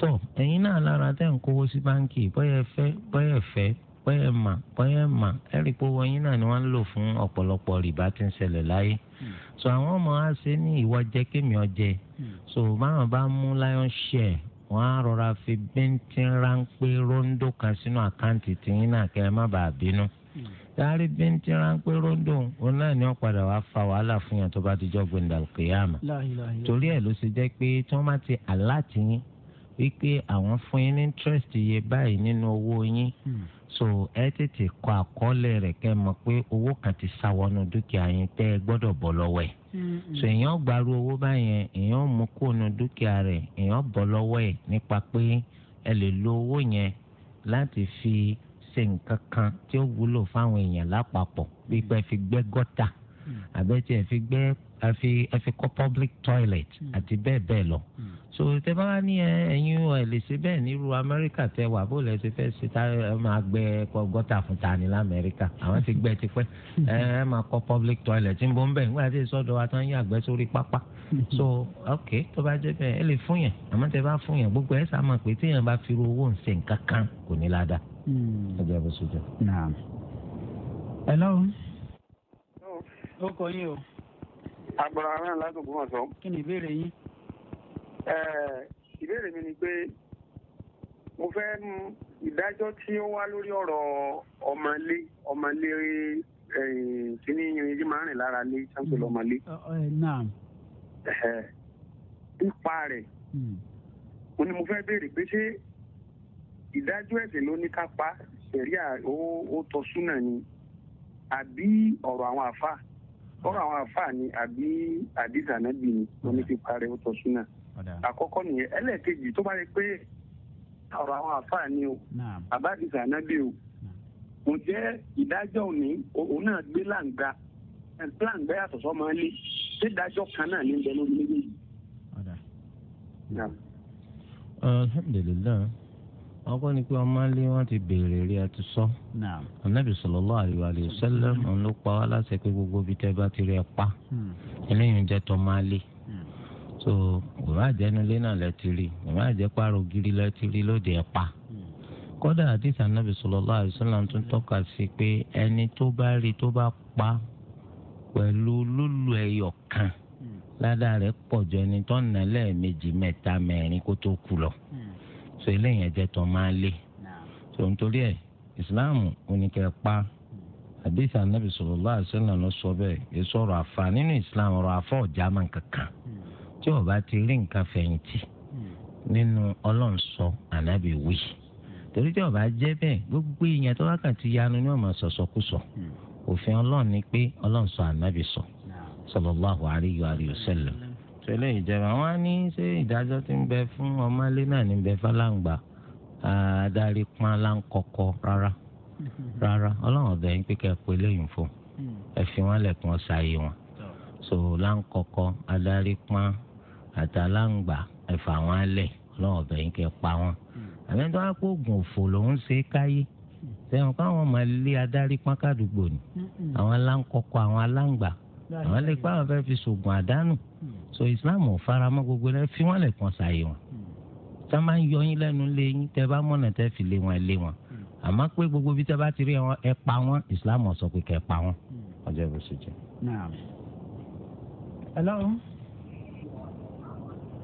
tó ẹ̀yin náà lára tẹ̀ ń kówó sí báńkì bọ́yẹ̀ fẹ́ bọ́yẹ̀ fẹ́ pẹ́yẹ̀ mà pẹ́yẹ̀ mà ẹ̀rí pé owó yín náà ni wọ́n ń lò fún ọ̀pọ̀lọpọ̀ rìbá tí ń ṣẹlẹ̀ láyé hmm. so àwọn ọmọ wa ṣe ní ìwọ jẹ kémi ọjẹ hmm. so báwọn bá mú lion share wọn á rọra fi bíntín ráńpẹ́ róńdó kan sínú àkáǹtì tìyín náà kẹ́ ẹ má bàa bínú dárí hmm. bíntín ráńpẹ́ róńdó òun náà ni wọ́n padà wá fa wàhálà fún yàn tó bá ti jọ gbẹ̀ndà kìyàmà torí ẹ̀ ló ṣe jẹ́ pé tí wọ́n bá ti àlá tìyín wípé àwọn fún yín ní interest iye báyìí nínú so ẹ tètè kọ àkọọ́lẹ̀ rẹ̀ kẹ́ mọ̀ pé owó kan ti sá wọnú dúkìá yẹn tẹ́ ẹ gbọ́dọ̀ bọ́ lọ́wọ́ ẹ̀ so èèyàn gbaru owó báyẹn èèyàn mú kóònù dúkìá rẹ̀ èèyàn bọ́ lọ́wọ́ ẹ̀ nípa pé ẹ lè lo owó yẹn láti fi ṣe nǹkan kan tí ó wúlò fáwọn èèyàn lápapọ̀ bí pé fi gbẹ́ gọ́tà mm. àbẹ́tí ẹ fi gbẹ́ àfi àfi kọ́ public toilet hmm. àti bẹ́ẹ̀ bẹ́ẹ̀ lọ. Hmm. so tẹ bá wá ní ẹ̀yin ẹ lè ṣe bẹ́ẹ̀ nílùú amẹ́ríkà tẹ wà bó lẹ ṣe fẹ́ ṣe tá ẹ máa gbẹ́ gọ́tà fún ta ni lamẹ́ríkà àwọn ti gbẹ́ tipẹ́ hmm. ẹ máa kọ́ public toilet ń bọ́ ń bẹ̀ nígbà tí sọ́dọ̀ wa tán yín àgbẹ̀ sórí pápá. so ok tó bá jẹ́ bẹ́ẹ̀ ẹ lè fún yẹn àmọ́ tẹ bá fún yẹn gbogbo ẹ̀ sá máa pè tí bá fi owó ń kan kò ní ládàá. ọjọ́ ìbùsùn jẹ. hello. ó kọ yín o agbára náà látòkú mọ̀ sọ. kí ni ìbéèrè yín. ìbéèrè mi ni pé mo fẹ́ ìdájọ́ tí ó wá lórí ọ̀rọ̀ ọmọlé ọmọlé kíní yìnyín máa ń rìn lára lé sáńtò lọ́mọlé. nípa rẹ̀ hmm. mo ní mo fẹ́ béèrè pé ṣé ìdájọ́ ẹ̀sìn ló ní ká pa ṣẹ̀ríà ó tọ́ súnà ni àbí ọ̀rọ̀ àwọn àfáà ọ̀rọ̀ àwọn àfààní àbí àdìsá nàbì ni wọn ní fi parẹ́ ó tọ́ súnà àkọ́kọ́ nìyẹn ẹlẹ́ẹ̀kejì tó bá yẹ pé ọ̀rọ̀ àwọn àfààní o àbá àdìsá nàbì o mo jẹ́ ìdájọ́ òní òun náà gbé làǹgbà làǹgbà yàtọ̀ sọ́mọ ilé ṣé ìdájọ́ kan náà ní bẹ́ẹ̀ lórí méjèèjì. alhamdulilayi àwọn kọ́ni pé ọmọ ilé wọn ti béèrè rí àti sọ. anabi sallallahu alaihi wa sallam hmm. òun ló pa wá láṣẹ pé gbogbo ibi tẹ́ bá ti rí ẹ pa hmm. eléyìí jẹ́ tọmọ alé hmm. so òun àjẹnulé náà lẹ ti rí òun àjẹpàrọ gírí lẹ ti rí lóde ẹ pa kódà àdìsá nàbì sallallahu alaihi wasallam tún tọ́ka sí pé ẹni tó bá rí tó bá pa pẹ̀lú lúlù ẹyọ kan ládàá rẹ̀ pọ̀ jù ẹni tó nà lẹ́ẹ̀mejì mẹ́ta mẹ́rin kó tó kú lọ. Mm. sọ eléyìí ẹ̀jẹ̀ tó máa lé tó ń torí ẹ̀ ìsìláàmù oníkẹ́ pa anábì sallallahu alaihi ló sọ bẹ́ẹ̀ èso ọ̀rọ̀ àfa nínú ìsìláàmù ọ̀rọ̀ àfa ọ̀já kankan hmm. tí ti rí nǹkan fẹ̀yìntì hmm. nínú ọlọ́nsọ wí hmm. torí tí ọba jẹ́ bẹ́ẹ̀ gbogbo ni wọ́n máa òfin ọlọ́run ni pé sọ sẹ́lẹ̀ ìjẹba wọn á ní ṣé ìdájọ́ tí ń bẹ fún ọmọlé náà ní bẹ fálàǹgbà adarí pọn aláǹkọ̀kọ̀ rárá mm-hmm. rárá ọlọ́run ọ̀bẹ yín pé pé lẹ́yìn fún mm. ẹ fi wọn lẹ̀kùn ọ̀sàyè wọn so láǹkọ̀kọ̀ adarí pọn àtàláǹgbà ẹ̀fà wọn lẹ̀ ọlọ́run ọ̀bẹ yín kẹ́ ẹ pa wọn mm. àmẹ́tọ́ á kó oògùn òfò lòún ṣe káyé sẹ́wọ̀n mm. káwọn máa lé adarí pọn kádùgbò ni àwọn aláǹkọ̀kọ̀ àwọn aláǹgbà àwọn lè pa àwọn fẹ́ẹ́ fi ṣoògùn àdánù hmm. so islam ò fara mọ́ gbogbo rẹ̀ fi wọ́n lè kàn ṣàyè wọn hmm. tá a máa ń yọ yín lẹ́nu lé yín tẹ́ bá mọ̀nà tẹ́ fi lé wọn lé wọn hmm. àmọ́ pé gbogbo bí tẹ́ bá ti rí wọn ẹ pa wọn islam ò sọ pé kẹ́ ẹ pa wọn ọjọ́ ìbò sì jẹ́. hello.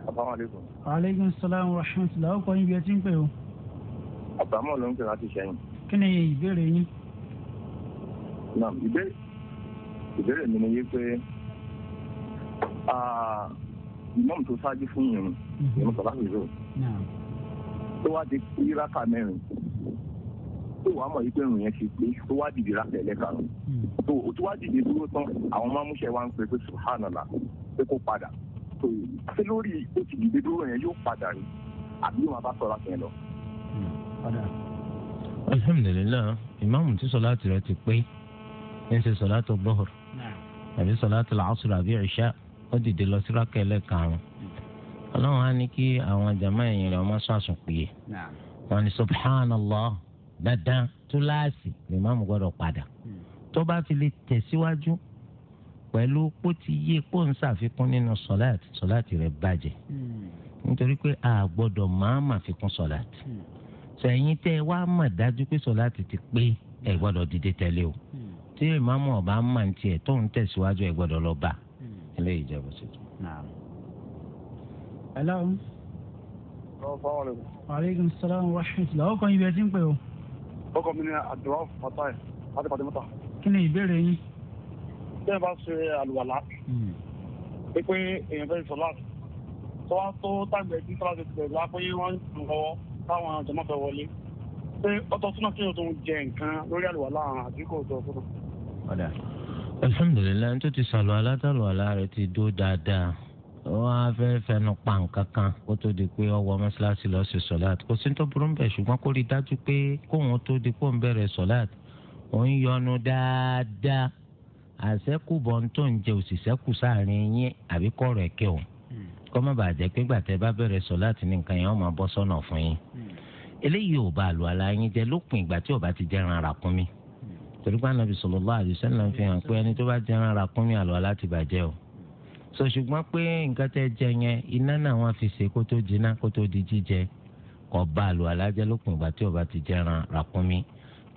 asalaamualeykum. aleykum salaam wa rahmatulah ọkọ yín bí ẹ ti ń pè o. àbámọ̀ ló ń pè láti ṣẹ́yìn. kí ni ìbéèrè yín. ìbéèrè ìbéèrè mi ni wípé ah, imam tó ṣáájú fún yìnyín ìyẹn sọlá ìzó tó wá di ríraka mẹ́rin tó wàá mọ̀ wípé ìrìn yẹn ti pé tó wá dìde rákà ẹlẹ́karùn tó hmm. tó wá dìde dúró tán àwọn máa múṣẹ wa ń pè pé subhanallah pé kó padà tó ṣé lórí o ti dìde dúró yẹn yóò padà rí àbí wọn bá sọ láti yẹn lọ. Hmm, alhamdulilayi imaamu tí sọlá tirẹ̀ ti pé ń ṣe sọlá tó bọ́ọ̀rù àbí sọláàtì làásù àbí ìṣá ó dìde lọ sí rákà ẹlẹ́karùn-ún ọlọ́run á ní kí àwọn jàmá ẹ̀yìn rẹ̀ ọmọ sàṣùn péye wọn ni subhanallah dandan túláàsì lè má mú gbọ́dọ̀ padà hmm. tó bá fi lè tẹ̀síwájú pẹ̀lú kó ti yé kó ń ṣàfikún nínú sọláàtì sọláàtì rẹ̀ bàjẹ́ hmm. nítorí pé a gbọ́dọ̀ máa fikún sọláàtì sọ hmm. ẹ̀yin tẹ́ ẹ dájú pé sọláàtì ti pé ẹ gbọ́dọ̀ dìde tẹ̀lé o tí ìmáàmù ọba ń mà ń tiẹ̀ tó ń tẹ̀síwájú ẹ̀ gbọ́dọ̀ lọ bá ilé ìjọba ṣètò. hello. aleykum salaam wa rahmatulah ọkọ ibi ẹ ti ń pè o. ọkọ mi ni àdúrà fatai láti pàdé mọ́ta. kí ni ìbéèrè yín. bí ẹ bá ṣe àlùwàlá hmm. pé pé èèyàn fẹ́ sọ láti tó wá tó tàgbẹ̀ tí sọ́lá ti tẹ̀lé wá pé wọ́n ń sùn ọ̀dà. alhamdulilayi tó ti sàlọ̀ aládàlọ́ àlá rẹ̀ ti dó dáadáa wọ́n á fẹ́ fẹnu pa nǹkan kan kó tó di pé ọwọ́ mọ́ṣáláṣí lọ́ọ́ ṣe sọ̀láàt kò sí tó burú bẹ̀ ṣùgbọ́n kó rí i dájú pé kóun tó di pé òun bẹ̀rẹ̀ sọ̀láàt òun yọnu dáadáa àṣẹ́kù bọ̀ ń tó ń jẹ òṣìṣẹ́ kù sáàrin yín àbí kọ̀rọ̀ ẹ̀kẹ́ o hmm. kọ́ má bàa jẹ́ pé gbà tẹ́ bá bẹ̀rẹ̀ sọ̀láàt ní nǹkan yẹn wọ́n máa bọ́ sọ́nà fún yín hmm. eléyìí ò bá àlùalá torí pé anabi sallallahu alaihi wasallam fi hàn pé ẹni tó bá jẹun ara kún mi àlọ́ láti bàjẹ́ o sọ ṣùgbọ́n pé nǹkan tẹ́ jẹ yẹn iná náà wọ́n fi ṣe kó tó jiná kó tó di jíjẹ kó bá àlọ́ alájẹ́ lópin ìgbà tí ó bá ti jẹran ara kún mi.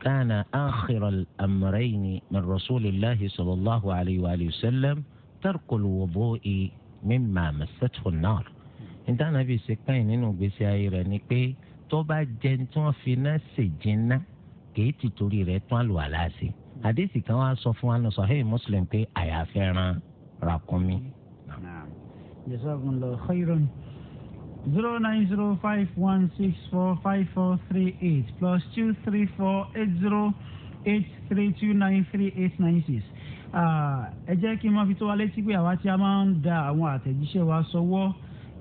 kana akhiral amrayni min rasulillahi sallallahu alaihi wa alihi wasallam tarkul wudu'i mimma massathu an-nar ìdáná ṣe pẹ́yìn nínú ìgbésí ayé rẹ̀ ni pé tó bá jẹ tí wọ́n fi náà ṣèjìnná kìí ti torí rẹ̀ tún àlùwàlá ṣe àdéhùn kan wá sọ fún wa lọ Sahih Muslim pé àyàfẹ́ ran ràkúnmí. jazakumullahu khairan zero nine zero five one six four five four three eight plus two three four eight zero eight three two nine three eight nine six. ẹ jẹ́ kí n máa fi tó wa létí pé àwa tí a máa ń da àwọn àtẹ̀jíṣẹ́ wa sọwọ́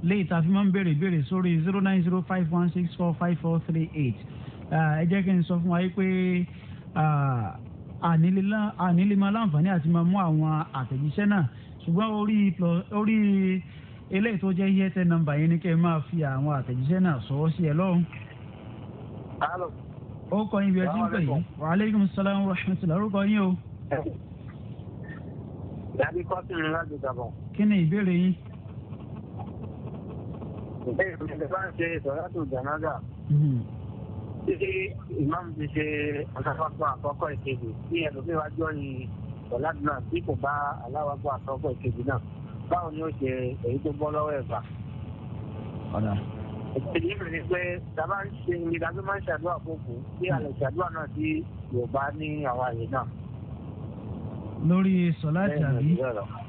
léyìí tá a fi máa ń béèrè ìbéèrè sórí zero nine zero five one six four five four three eight Ah, ẹ jẹ́ kí n sọ fún pé ah, àti máa àwọn àtẹ̀jíṣẹ́ náà ṣùgbọ́n orí eléyìí tó jẹ́ yẹ́tẹ̀ nọmba yẹn ni kẹ́ ẹ fi àwọn àtẹ̀jíṣẹ́ náà sọ̀rọ̀ sí ẹ kọ ibi ẹtí ń pè salaam wa rahmatulah orúkọ yín o. mi láti dàbọ̀. kí ni ìbéèrè yín. ìbéèrè mi ìsọ̀rọ̀ àti ṣé ìmáàmù ti ṣe ọ̀sánfàgbọ́ àkọ́kọ́ ìkejì tí ẹlòmíín wá jọ ní ọ̀làdúnà tí kò bá aláwàgbọ́ àkọ́kọ́ ìkejì náà báwo ni ó ṣe èyí tó bọ́ lọ́wọ́ ẹ̀gbà. ọ̀nà. èyí mi ni pé sábà ń ṣe ìdájọ́ máa ń ṣàdúrà fòkù tí àlẹ́ ṣàdúrà náà sí Yorùbá ní àwọn àyè náà. lórí sọlá tàbí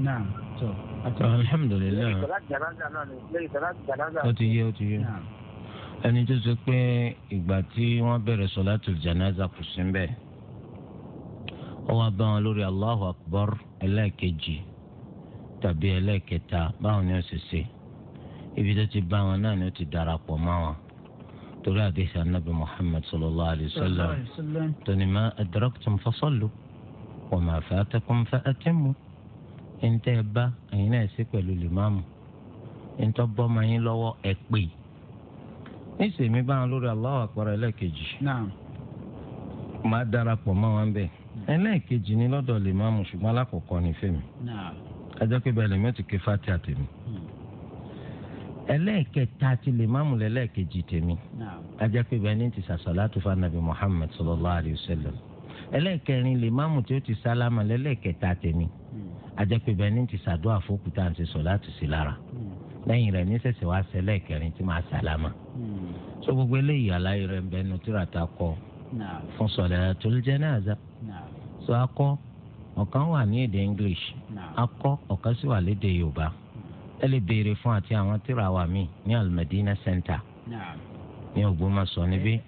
náà tó. alhamdulilayi. lórí sọlá jàdájà náà ni lórí sọlá jàdájà. ó ti yé ó ti yé. náà ẹni tó ṣe pé ìgbà tí wọ́n bẹ̀rẹ̀ sọ̀látù janaza kò sí ń bẹ̀ ó wá bá wọn lórí allahu akbar ẹlẹ́ẹ̀kejì tàbí ẹlẹ́ẹ̀kẹta báwọn ni ó ṣe ṣe ibi tó ti bá wọn náà ni ó ti darapọ̀ mọ́ wọn torí àdéhùn anábì muhammad sallallahu alayhi wa sallam tóní ma adraktum fasallu wa ma fatakum fa ẹ̀ńtẹ́ ẹ bá ẹ̀yin náà ṣe pẹ̀lú lìmáàmù ẹ̀ńtọ́ bọ́ ọmọ yín lọ́wọ́ ẹ̀ pè é. níṣẹ́ mi bá wọn lórí Allahu Akbar ẹlẹ́ẹ̀kejì máa darapọ̀ mọ́ wọn bẹ́ẹ̀ hmm. ni lọ́dọ̀ lè máa mú ṣùgbọ́n alákọ̀ọ́kọ́ ni fèmí ẹjọ́ pé bẹ́ẹ̀ lè ké fati àtẹ̀mí hmm. ti lè máa mú lẹ́lẹ́ẹ̀kejì tèmi ẹjọ́ pé bẹ́ẹ̀ ní ti sàṣàlátù fún anabi Muhammad sallallahu alayhi wa lè máa mú tí ó ti sálámà lẹ́lẹ́ẹ̀kẹta so gbogbo eléyìí àlàyé rẹ̀ ń bẹ nu tíra ta kọ fún sọ̀látul jánásà so akọ ọ̀kan wà ní èdè English akọ ọ̀kan sì wà lédè Yorùbá ẹ lè béèrè fún àti àwọn tíra wà mí ní Al-Madina Center ní Ògbómọ̀ṣọ́ níbí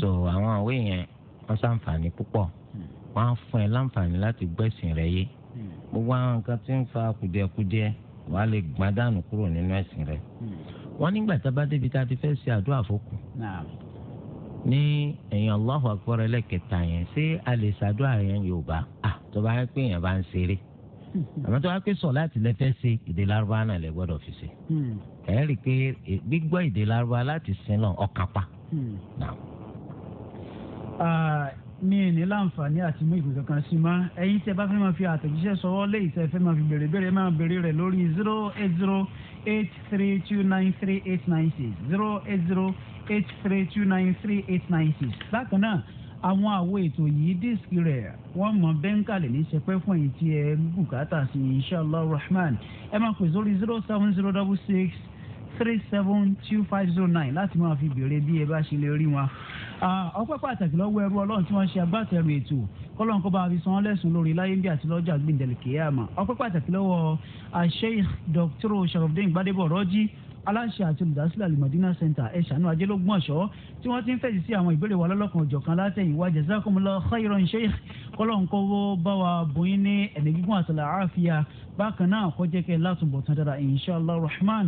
so àwọn àwé yẹn wọ́n ṣàǹfààní púpọ̀ hmm. wọ́n á fún ẹ láǹfààní láti gbẹ̀sìn rẹ yé hmm. gbogbo àwọn nǹkan tí ń fa kùdìẹ̀kudiẹ wàá lè gbọ́n kúrò nínú ẹ̀sìn rẹ. Hmm wọ́n nígbà tá a bá débi tá a ti fẹ́ ṣe àdúrà fókù ní ẹ̀yìn Allahu Akbar ẹlẹ́kẹta yẹn ṣé a lè ṣàdúrà yẹn Yorùbá tó bá yẹ pé èèyàn bá ń ṣeré hmm. àmọ́ tó bá pé sọ láti lè fẹ́ ṣe èdè lárúbá náà lè gbọ́dọ̀ fi ṣe hmm. ẹ̀ rí i pé gbígbọ́ èdè lárúbá láti sin náà ọ̀kápá. Hmm mi ì ní láǹfààní àti mú ìpè kankan sí ma ẹ̀yin tí ẹ bá fẹ́ máa fi àtẹ̀jíṣẹ́ sọ́wọ́ léyìí tẹ́ fẹ́ máa fi bèrè bèrè máa bèrè rẹ̀ lórí zero eight zero eight three two nine three eight nine six zero eight zero eight three two nine three eight nine six bákan náà àwọn àwo ètò yìí díìsì rẹ̀ wọ́n mọ bẹ́ńkàlì ní sẹpẹ́ fún èyí tí ẹ bùkátà sí inshallah rahman ẹ máa pè sórí zero seven zero double six three seven two five zero nine láti máa fi bèrè bí ẹ bá ṣe lè rí wọn ọpẹ́ pàtàkì lọ́wọ́ ẹrú ọlọ́run tí wọ́n ṣe agbátẹrù ètò kọ́lọ́n kó bá a fi san lẹ́sùn lórí láyé bí àti lọ́jà gbìndẹ̀lẹ̀ kéèyàn ọpẹ́ pàtàkì lọ́wọ́ Sheikh Dr. Sharafdin Gbadebo Rọ́jí aláṣẹ àti olùdásílẹ̀ alimadina center ẹ̀ṣánú ajẹ́lógún ọ̀ṣọ́ tí wọ́n ti ń fèsì sí àwọn ìbéèrè wa lọ́lọ́kan ọ̀jọ̀kan látẹ̀yìn wa jazakumullahu khairan sheikh kọ́lọ́nkọ́ bá wa bóyin ní ẹ̀mí gígùn àtàlà àáfíà bákan náà kọjá kẹ látúbọ̀ tán dára inshallah rahman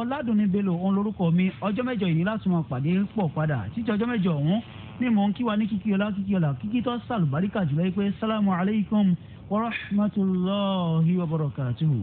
ọ̀làdùnní bello òun lórúkọ mi ọjọ́ mẹ́jọ yìí láti máa pàdé pọ̀ padà títí ọjọ́ mẹ́jọ ọ̀hún ní mò ń kí wa ní kíkí ọlá kíkí ọlá kíkí tó sàlùbáríkà jùlọ yìí pé sálámù aleykum wa rahmatulahi wa barakatuhu.